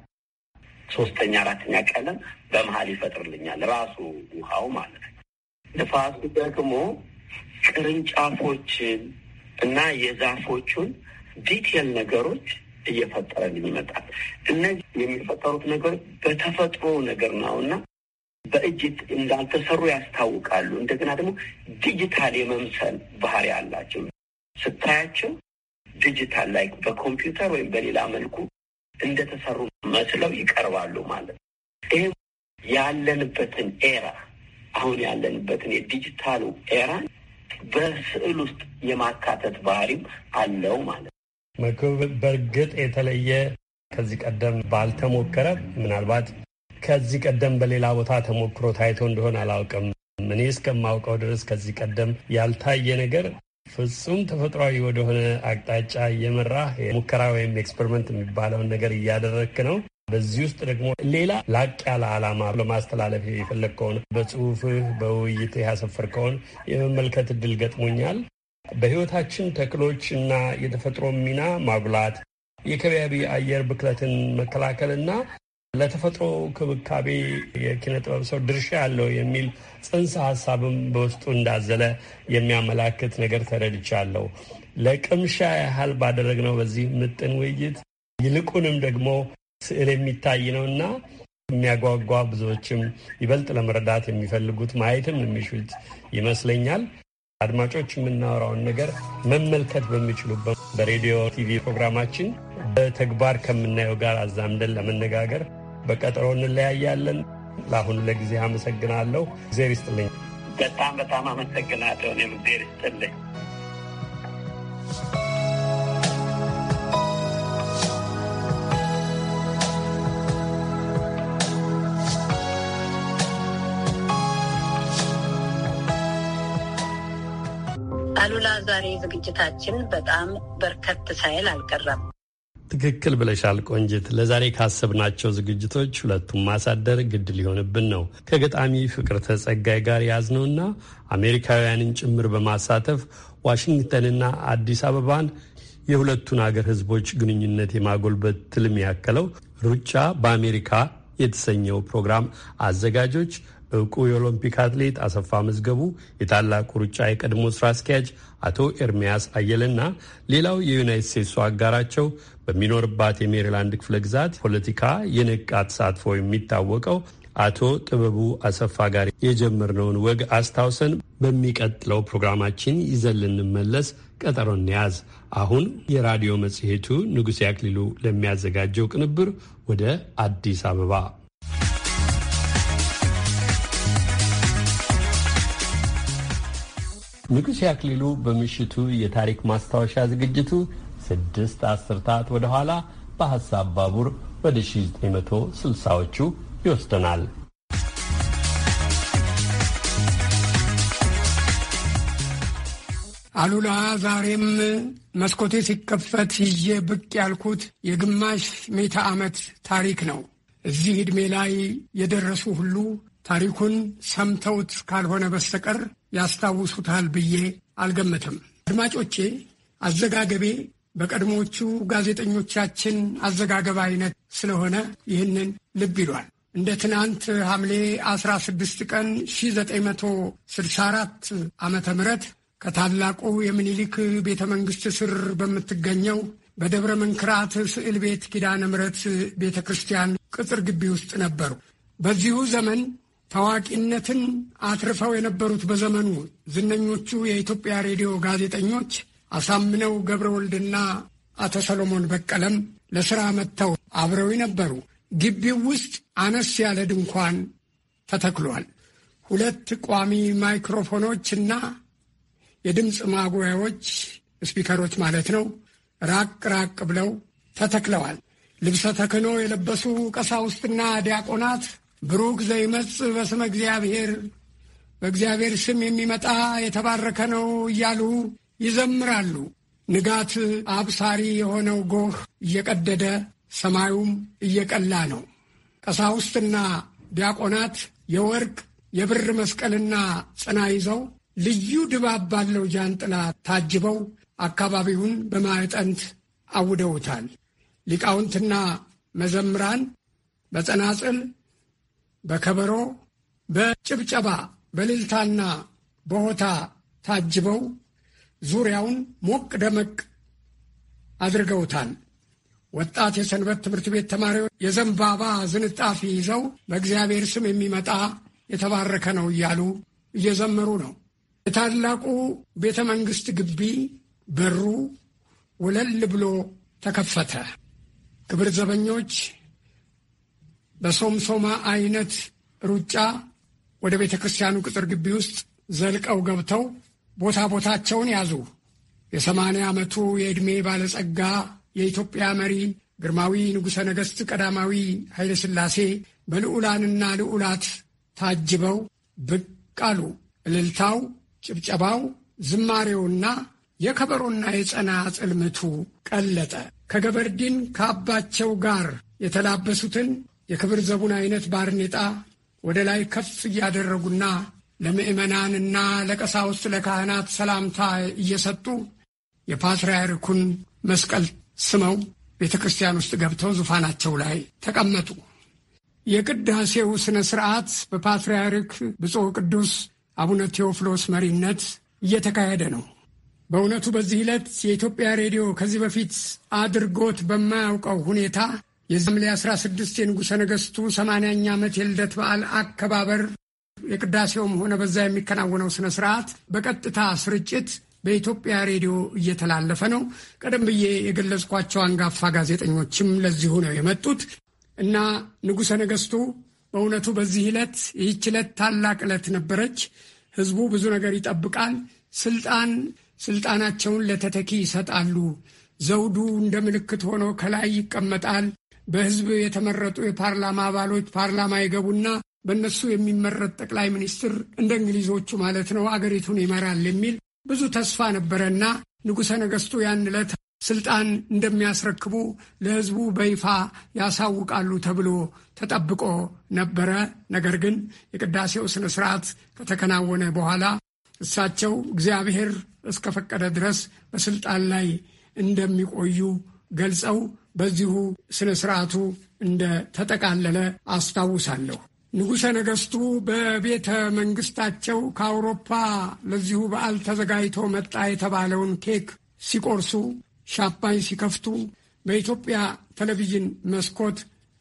ሶስተኛ አራተኛ ቀለም በመሀል ይፈጥርልኛል ራሱ ውሃው ማለት ነው። ንፋሱ ደግሞ ቅርንጫፎችን እና የዛፎቹን ዲቴል ነገሮች እየፈጠረን ይመጣል። እነዚህ የሚፈጠሩት ነገሮች በተፈጥሮ ነገር ነው እና በእጅ እንዳልተሰሩ ያስታውቃሉ። እንደገና ደግሞ ዲጂታል የመምሰል ባህሪ አላቸው። ስታያቸው ዲጂታል ላይ በኮምፒውተር ወይም በሌላ መልኩ እንደተሰሩ መስለው ይቀርባሉ ማለት ነው። ይህ ያለንበትን ኤራ አሁን ያለንበትን የዲጂታሉ ኤራን በስዕል ውስጥ የማካተት ባህሪም አለው ማለት ነው። በእርግጥ የተለየ ከዚህ ቀደም ባልተሞከረ ምናልባት ከዚህ ቀደም በሌላ ቦታ ተሞክሮ ታይቶ እንደሆነ አላውቅም። እኔ እስከማውቀው ድረስ ከዚህ ቀደም ያልታየ ነገር ፍጹም ተፈጥሯዊ ወደሆነ አቅጣጫ እየመራ የሙከራ ወይም ኤክስፐሪመንት የሚባለውን ነገር እያደረክ ነው። በዚህ ውስጥ ደግሞ ሌላ ላቅ ያለ ዓላማ ለማስተላለፍ የፈለግከውን በጽሁፍህ በውይይትህ ያሰፈርከውን የመመልከት እድል ገጥሞኛል። በሕይወታችን ተክሎች እና የተፈጥሮ ሚና ማጉላት፣ የከባቢ አየር ብክለትን መከላከልና ለተፈጥሮ ክብካቤ የኪነ ጥበብ ሰው ድርሻ ያለው የሚል ጽንሰ ሀሳብም በውስጡ እንዳዘለ የሚያመላክት ነገር ተረድቻለሁ። ለቅምሻ ያህል ባደረግነው በዚህ ምጥን ውይይት ይልቁንም ደግሞ ስዕል የሚታይ ነው እና የሚያጓጓ ብዙዎችም ይበልጥ ለመረዳት የሚፈልጉት ማየትም የሚሹት ይመስለኛል። አድማጮች የምናወራውን ነገር መመልከት በሚችሉበት በሬዲዮ ቲቪ ፕሮግራማችን በተግባር ከምናየው ጋር አዛምደን ለመነጋገር በቀጠሮ እንለያያለን። ለአሁን ለጊዜ አመሰግናለሁ። እግዜር ይስጥልኝ። በጣም በጣም አመሰግናለሁ። እኔም እግዜር ይስጥልኝ። አሉላ ዛሬ ዝግጅታችን በጣም በርከት ሳይል አልቀረም። ትክክል ብለሻል ቆንጅት። ለዛሬ ካሰብናቸው ዝግጅቶች ሁለቱን ማሳደር ግድ ሊሆንብን ነው። ከገጣሚ ፍቅርተ ጸጋይ ጋር ያዝነውና አሜሪካውያንን ጭምር በማሳተፍ ዋሽንግተንና አዲስ አበባን የሁለቱን አገር ሕዝቦች ግንኙነት የማጎልበት ትልም ያከለው ሩጫ በአሜሪካ የተሰኘው ፕሮግራም አዘጋጆች እውቁ የኦሎምፒክ አትሌት አሰፋ መዝገቡ፣ የታላቁ ሩጫ የቀድሞ ስራ አስኪያጅ አቶ ኤርሚያስ አየለና ሌላው የዩናይት ስቴትሱ አጋራቸው በሚኖርባት የሜሪላንድ ክፍለ ግዛት ፖለቲካ የነቃ ተሳትፎ የሚታወቀው አቶ ጥበቡ አሰፋ ጋር የጀመርነውን ወግ አስታውሰን በሚቀጥለው ፕሮግራማችን ይዘን ልንመለስ ቀጠሮ እንያዝ። አሁን የራዲዮ መጽሔቱ ንጉሴ አክሊሉ ለሚያዘጋጀው ቅንብር ወደ አዲስ አበባ ንጉሴ አክሊሉ በምሽቱ የታሪክ ማስታወሻ ዝግጅቱ ስድስት ታት ወደ ኋላ በሀሳብ ባቡር ወደ መቶ ዎቹ ይወስደናል። አሉላ ዛሬም መስኮቴ ሲከፈት ይዤ ብቅ ያልኩት የግማሽ ሜታ ዓመት ታሪክ ነው። እዚህ ዕድሜ ላይ የደረሱ ሁሉ ታሪኩን ሰምተውት ካልሆነ በስተቀር ያስታውሱታል ብዬ አልገመትም። አድማጮቼ፣ አዘጋገቤ በቀድሞቹ ጋዜጠኞቻችን አዘጋገብ አይነት ስለሆነ ይህንን ልብ ይሏል። እንደ ትናንት ሐምሌ 16 ቀን 1964 ዓ ም ከታላቁ የምኒሊክ ቤተ መንግሥት ስር በምትገኘው በደብረ መንክራት ስዕል ቤት ኪዳነ ምሕረት ቤተ ክርስቲያን ቅጥር ግቢ ውስጥ ነበሩ። በዚሁ ዘመን ታዋቂነትን አትርፈው የነበሩት በዘመኑ ዝነኞቹ የኢትዮጵያ ሬዲዮ ጋዜጠኞች አሳምነው ገብረ ወልድና አቶ ሰሎሞን በቀለም ለሥራ መጥተው አብረው ነበሩ። ግቢው ውስጥ አነስ ያለ ድንኳን ተተክሏል። ሁለት ቋሚ ማይክሮፎኖች እና የድምፅ ማጉያዎች ስፒከሮች ማለት ነው፣ ራቅ ራቅ ብለው ተተክለዋል። ልብሰ ተክኖ የለበሱ ቀሳውስትና ዲያቆናት ብሩክ ዘይመጽእ በስመ እግዚአብሔር በእግዚአብሔር ስም የሚመጣ የተባረከ ነው እያሉ ይዘምራሉ። ንጋት አብሳሪ የሆነው ጎህ እየቀደደ ሰማዩም እየቀላ ነው። ቀሳውስትና ዲያቆናት የወርቅ የብር መስቀልና ጽና ይዘው ልዩ ድባብ ባለው ጃንጥላ ታጅበው አካባቢውን በማዕጠንት አውደውታል። ሊቃውንትና መዘምራን በጸናጽል በከበሮ በጭብጨባ በልልታና በሆታ ታጅበው ዙሪያውን ሞቅ ደመቅ አድርገውታል። ወጣት የሰንበት ትምህርት ቤት ተማሪዎች የዘንባባ ዝንጣፊ ይዘው በእግዚአብሔር ስም የሚመጣ የተባረከ ነው እያሉ እየዘመሩ ነው። የታላቁ ቤተ መንግሥት ግቢ በሩ ወለል ብሎ ተከፈተ። ክብር ዘበኞች በሶምሶማ አይነት ሩጫ ወደ ቤተ ክርስቲያኑ ቅጥር ግቢ ውስጥ ዘልቀው ገብተው ቦታ ቦታቸውን ያዙ። የሰማንያ ዓመቱ የዕድሜ ባለጸጋ የኢትዮጵያ መሪ ግርማዊ ንጉሠ ነገሥት ቀዳማዊ ኃይለ ሥላሴ በልዑላንና ልዑላት ታጅበው ብቅ አሉ። እልልታው፣ ጭብጨባው፣ ዝማሬውና የከበሮና የጸና ጽልምቱ ቀለጠ። ከገበርዲን ከአባቸው ጋር የተላበሱትን የክብር ዘቡን አይነት ባርኔጣ ወደ ላይ ከፍ እያደረጉና ለምዕመናንና ለቀሳውስት ለካህናት ሰላምታ እየሰጡ የፓትርያርኩን መስቀል ስመው ቤተ ክርስቲያን ውስጥ ገብተው ዙፋናቸው ላይ ተቀመጡ። የቅዳሴው ሥነ ሥርዓት በፓትርያርክ ብፁዕ ቅዱስ አቡነ ቴዎፍሎስ መሪነት እየተካሄደ ነው። በእውነቱ በዚህ ዕለት የኢትዮጵያ ሬዲዮ ከዚህ በፊት አድርጎት በማያውቀው ሁኔታ የዚህ ሐምሌ 16 የንጉሠ ነገሥቱ 80ኛ ዓመት የልደት በዓል አከባበር የቅዳሴውም ሆነ በዛ የሚከናወነው ስነ ስርዓት በቀጥታ ስርጭት በኢትዮጵያ ሬዲዮ እየተላለፈ ነው። ቀደም ብዬ የገለጽኳቸው አንጋፋ ጋዜጠኞችም ለዚሁ ነው የመጡት እና ንጉሠ ነገሥቱ በእውነቱ በዚህ ዕለት ይህች ዕለት ታላቅ ዕለት ነበረች። ሕዝቡ ብዙ ነገር ይጠብቃል። ስልጣን ስልጣናቸውን ለተተኪ ይሰጣሉ። ዘውዱ እንደ ምልክት ሆኖ ከላይ ይቀመጣል። በህዝብ የተመረጡ የፓርላማ አባሎች ፓርላማ ይገቡና በእነሱ የሚመረጥ ጠቅላይ ሚኒስትር እንደ እንግሊዞቹ ማለት ነው አገሪቱን ይመራል የሚል ብዙ ተስፋ ነበረና ንጉሠ ነገሥቱ ያን ዕለት ስልጣን እንደሚያስረክቡ ለህዝቡ በይፋ ያሳውቃሉ ተብሎ ተጠብቆ ነበረ። ነገር ግን የቅዳሴው ስነ ስርዓት ከተከናወነ በኋላ እሳቸው እግዚአብሔር እስከፈቀደ ድረስ በስልጣን ላይ እንደሚቆዩ ገልጸው በዚሁ ስነ ስርዓቱ እንደ ተጠቃለለ አስታውሳለሁ። ንጉሠ ነገሥቱ በቤተ መንግሥታቸው ከአውሮፓ ለዚሁ በዓል ተዘጋጅቶ መጣ የተባለውን ኬክ ሲቆርሱ፣ ሻምፓኝ ሲከፍቱ በኢትዮጵያ ቴሌቪዥን መስኮት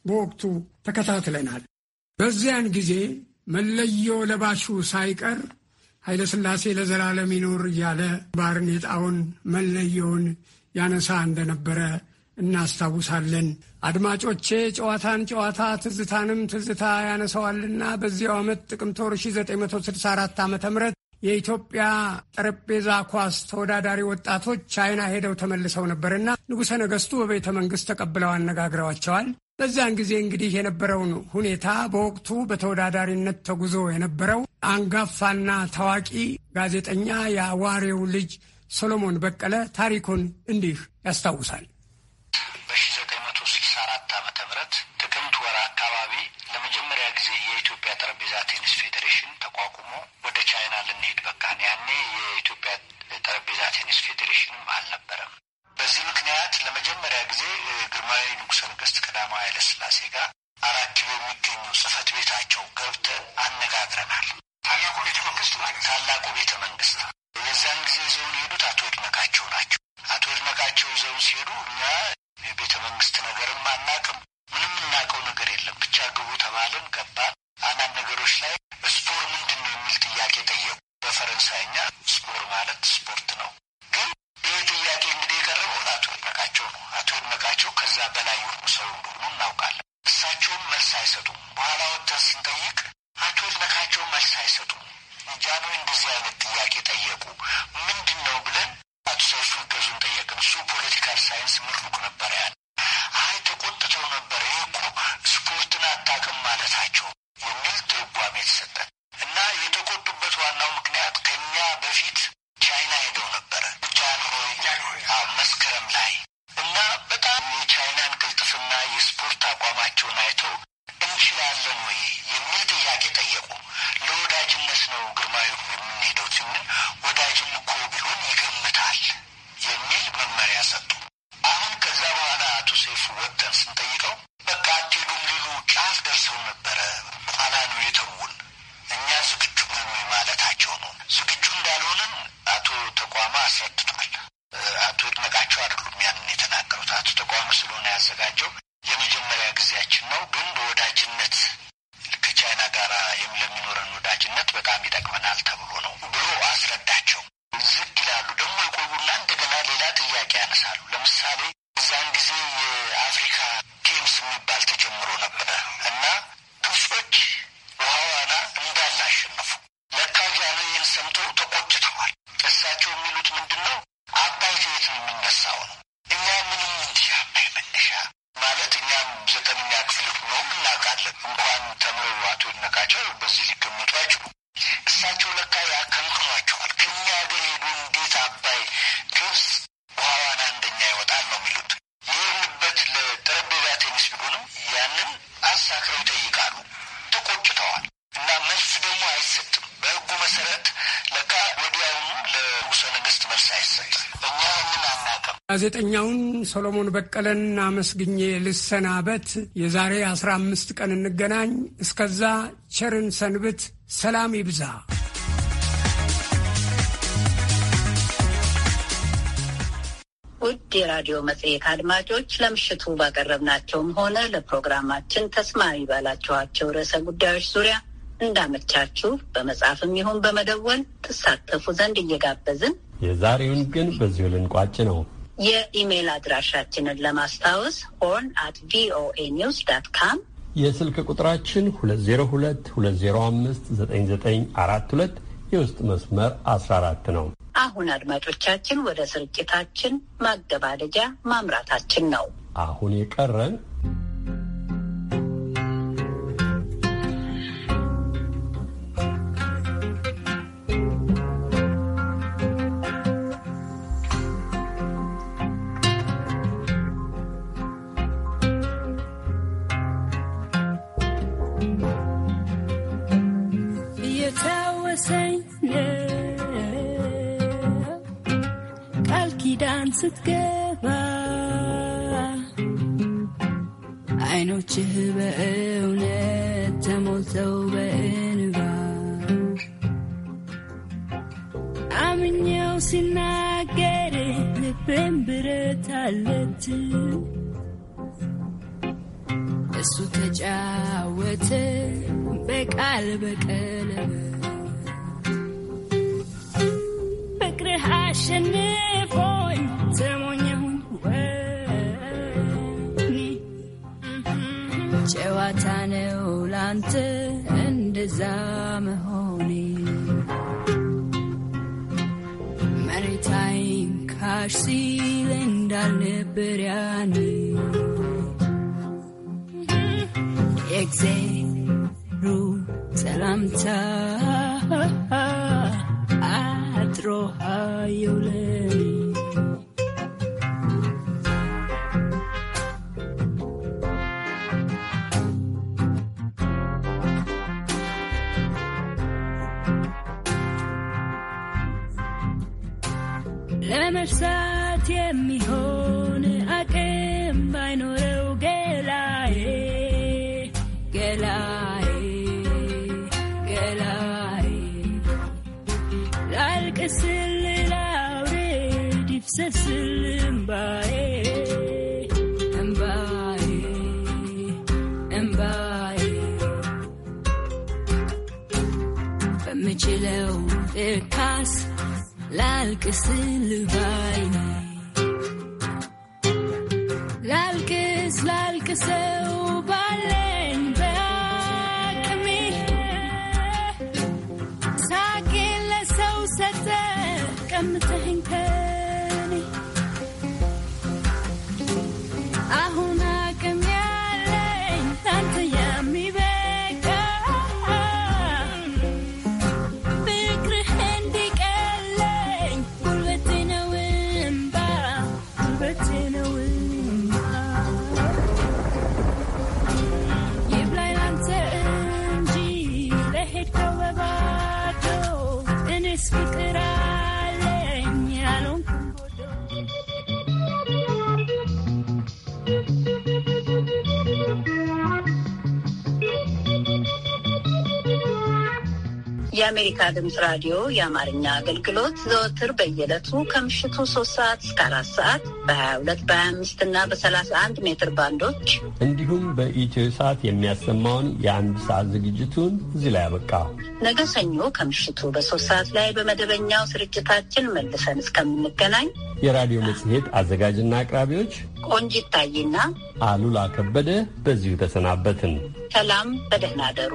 በወቅቱ ተከታትለናል። በዚያን ጊዜ መለዮ ለባሹ ሳይቀር ኃይለሥላሴ ለዘላለም ይኖር እያለ ባርኔጣውን መለዮውን ያነሳ እንደነበረ እናስታውሳለን። አድማጮቼ ጨዋታን ጨዋታ ትዝታንም ትዝታ ያነሰዋልና በዚያው ዓመት ጥቅምት ወር 1964 ዓ ም የኢትዮጵያ ጠረጴዛ ኳስ ተወዳዳሪ ወጣቶች ቻይና ሄደው ተመልሰው ነበርና ንጉሠ ነገሥቱ በቤተ መንግሥት ተቀብለው አነጋግረዋቸዋል። በዚያን ጊዜ እንግዲህ የነበረውን ሁኔታ በወቅቱ በተወዳዳሪነት ተጉዞ የነበረው አንጋፋና ታዋቂ ጋዜጠኛ የአዋሬው ልጅ ሶሎሞን በቀለ ታሪኩን እንዲህ ያስታውሳል። ስላሴ ጋር አራት ኪሎ የሚገኙ ጽህፈት ቤታቸው ገብተን አነጋግረናል። ታላቁ ቤተ መንግስት ማለት ታላቁ ቤተ መንግስት የዛን ጊዜ ይዘውን የሄዱት አቶ ድነቃቸው ናቸው። አቶ ይድነቃቸው ይዘውን ሲሄዱ እኛ የቤተ መንግስት ነገርም አናቅም፣ ምንም እናውቀው ነገር የለም። ብቻ ግቡ ተባልን፣ ገባን። አንዳንድ ነገሮች ላይ ስፖር ምንድን ነው የሚል ጥያቄ ጠየቁ። በፈረንሳይኛ ስፖር ማለት ስፖርት ነው። ግን ይህ ጥያቄ እንግዲህ የቀረበው አቶ ይድነቃቸው ነው። አቶ ይድነቃቸው ከዛ በላይ የሆኑ ሰው እንደሆኑ እናውቃለን። እሳቸውም መልስ አይሰጡም። በኋላ ወጥተን ስንጠይቅ አቶ ይድነቃቸው መልስ አይሰጡም። ጃንሆይ እንደዚህ አይነት ጥያቄ ጠየቁ። ምንድን ነው ብለን አቶ ሰይፉ ይገዙን ጠየቅን። እሱ ፖለቲካል ሳይንስ ምሩቅ ነበር ያለ አቋማቸውን አይቶ እንችላለን ወይ የሚል ጥያቄ ጠየቁ። ለወዳጅነት ነው ግርማዊ የምንሄደው ሲሆን ወዳጅም እኮ ቢሆን ይገምታል የሚል መመሪያ ሰጡ። አሁን ከዛ በኋላ አቶ ሰይፉ ወጥተን ስንጠይቀው በቃ አትሄዱም ሊሉ ጫፍ ደርሰው ነበረ። በኋላ ነው የተውን እኛ ዝግጁ ነን ወይ ማለታቸው ነው። ዝግጁ እንዳልሆንን አቶ ተቋማ አስረድ ይጠቅመናል ተብሎ ነው ጋዜጠኛውን ሰሎሞን በቀለን አመስግኜ ልሰናበት። የዛሬ አስራ አምስት ቀን እንገናኝ። እስከዛ ቸርን ሰንብት። ሰላም ይብዛ። ውድ የራዲዮ መጽሔት አድማጮች ለምሽቱ ባቀረብናቸውም ሆነ ለፕሮግራማችን ተስማሚ ባላችኋቸው ርዕሰ ጉዳዮች ዙሪያ እንዳመቻችሁ በመጻፍም ይሁን በመደወል ትሳተፉ ዘንድ እየጋበዝን የዛሬውን ግን በዚሁ ልንቋጭ ነው። የኢሜይል አድራሻችንን ለማስታወስ ሆን አት ቪኦኤ ኒውስ ዳት ካም። የስልክ ቁጥራችን 2022059942 የውስጥ መስመር 14 ነው። አሁን አድማጮቻችን ወደ ስርጭታችን ማገባደጃ ማምራታችን ነው። አሁን የቀረን Sefsilim bae Mbae Mbae በምችለው እርካስ ላልቅስል ባይ ላልቅስ ላልቅሰው የአሜሪካ ድምፅ ራዲዮ የአማርኛ አገልግሎት ዘወትር በየዕለቱ ከምሽቱ ሶስት ሰዓት እስከ አራት ሰዓት በ ሁለት በሀያ አምስት እና በ31 ሜትር ባንዶች እንዲሁም በኢትዮ ሰዓት የሚያሰማውን የአንድ ሰዓት ዝግጅቱን እዚህ ላይ አበቃ። ነገ ሰኞ ከምሽቱ በሶስት ሰዓት ላይ በመደበኛው ስርጭታችን መልሰን እስከምንገናኝ የራዲዮ መጽሔት አዘጋጅና አቅራቢዎች ቆንጅ ይታይና አሉላ ከበደ በዚሁ ተሰናበትን። ሰላም፣ በደህና አደሩ።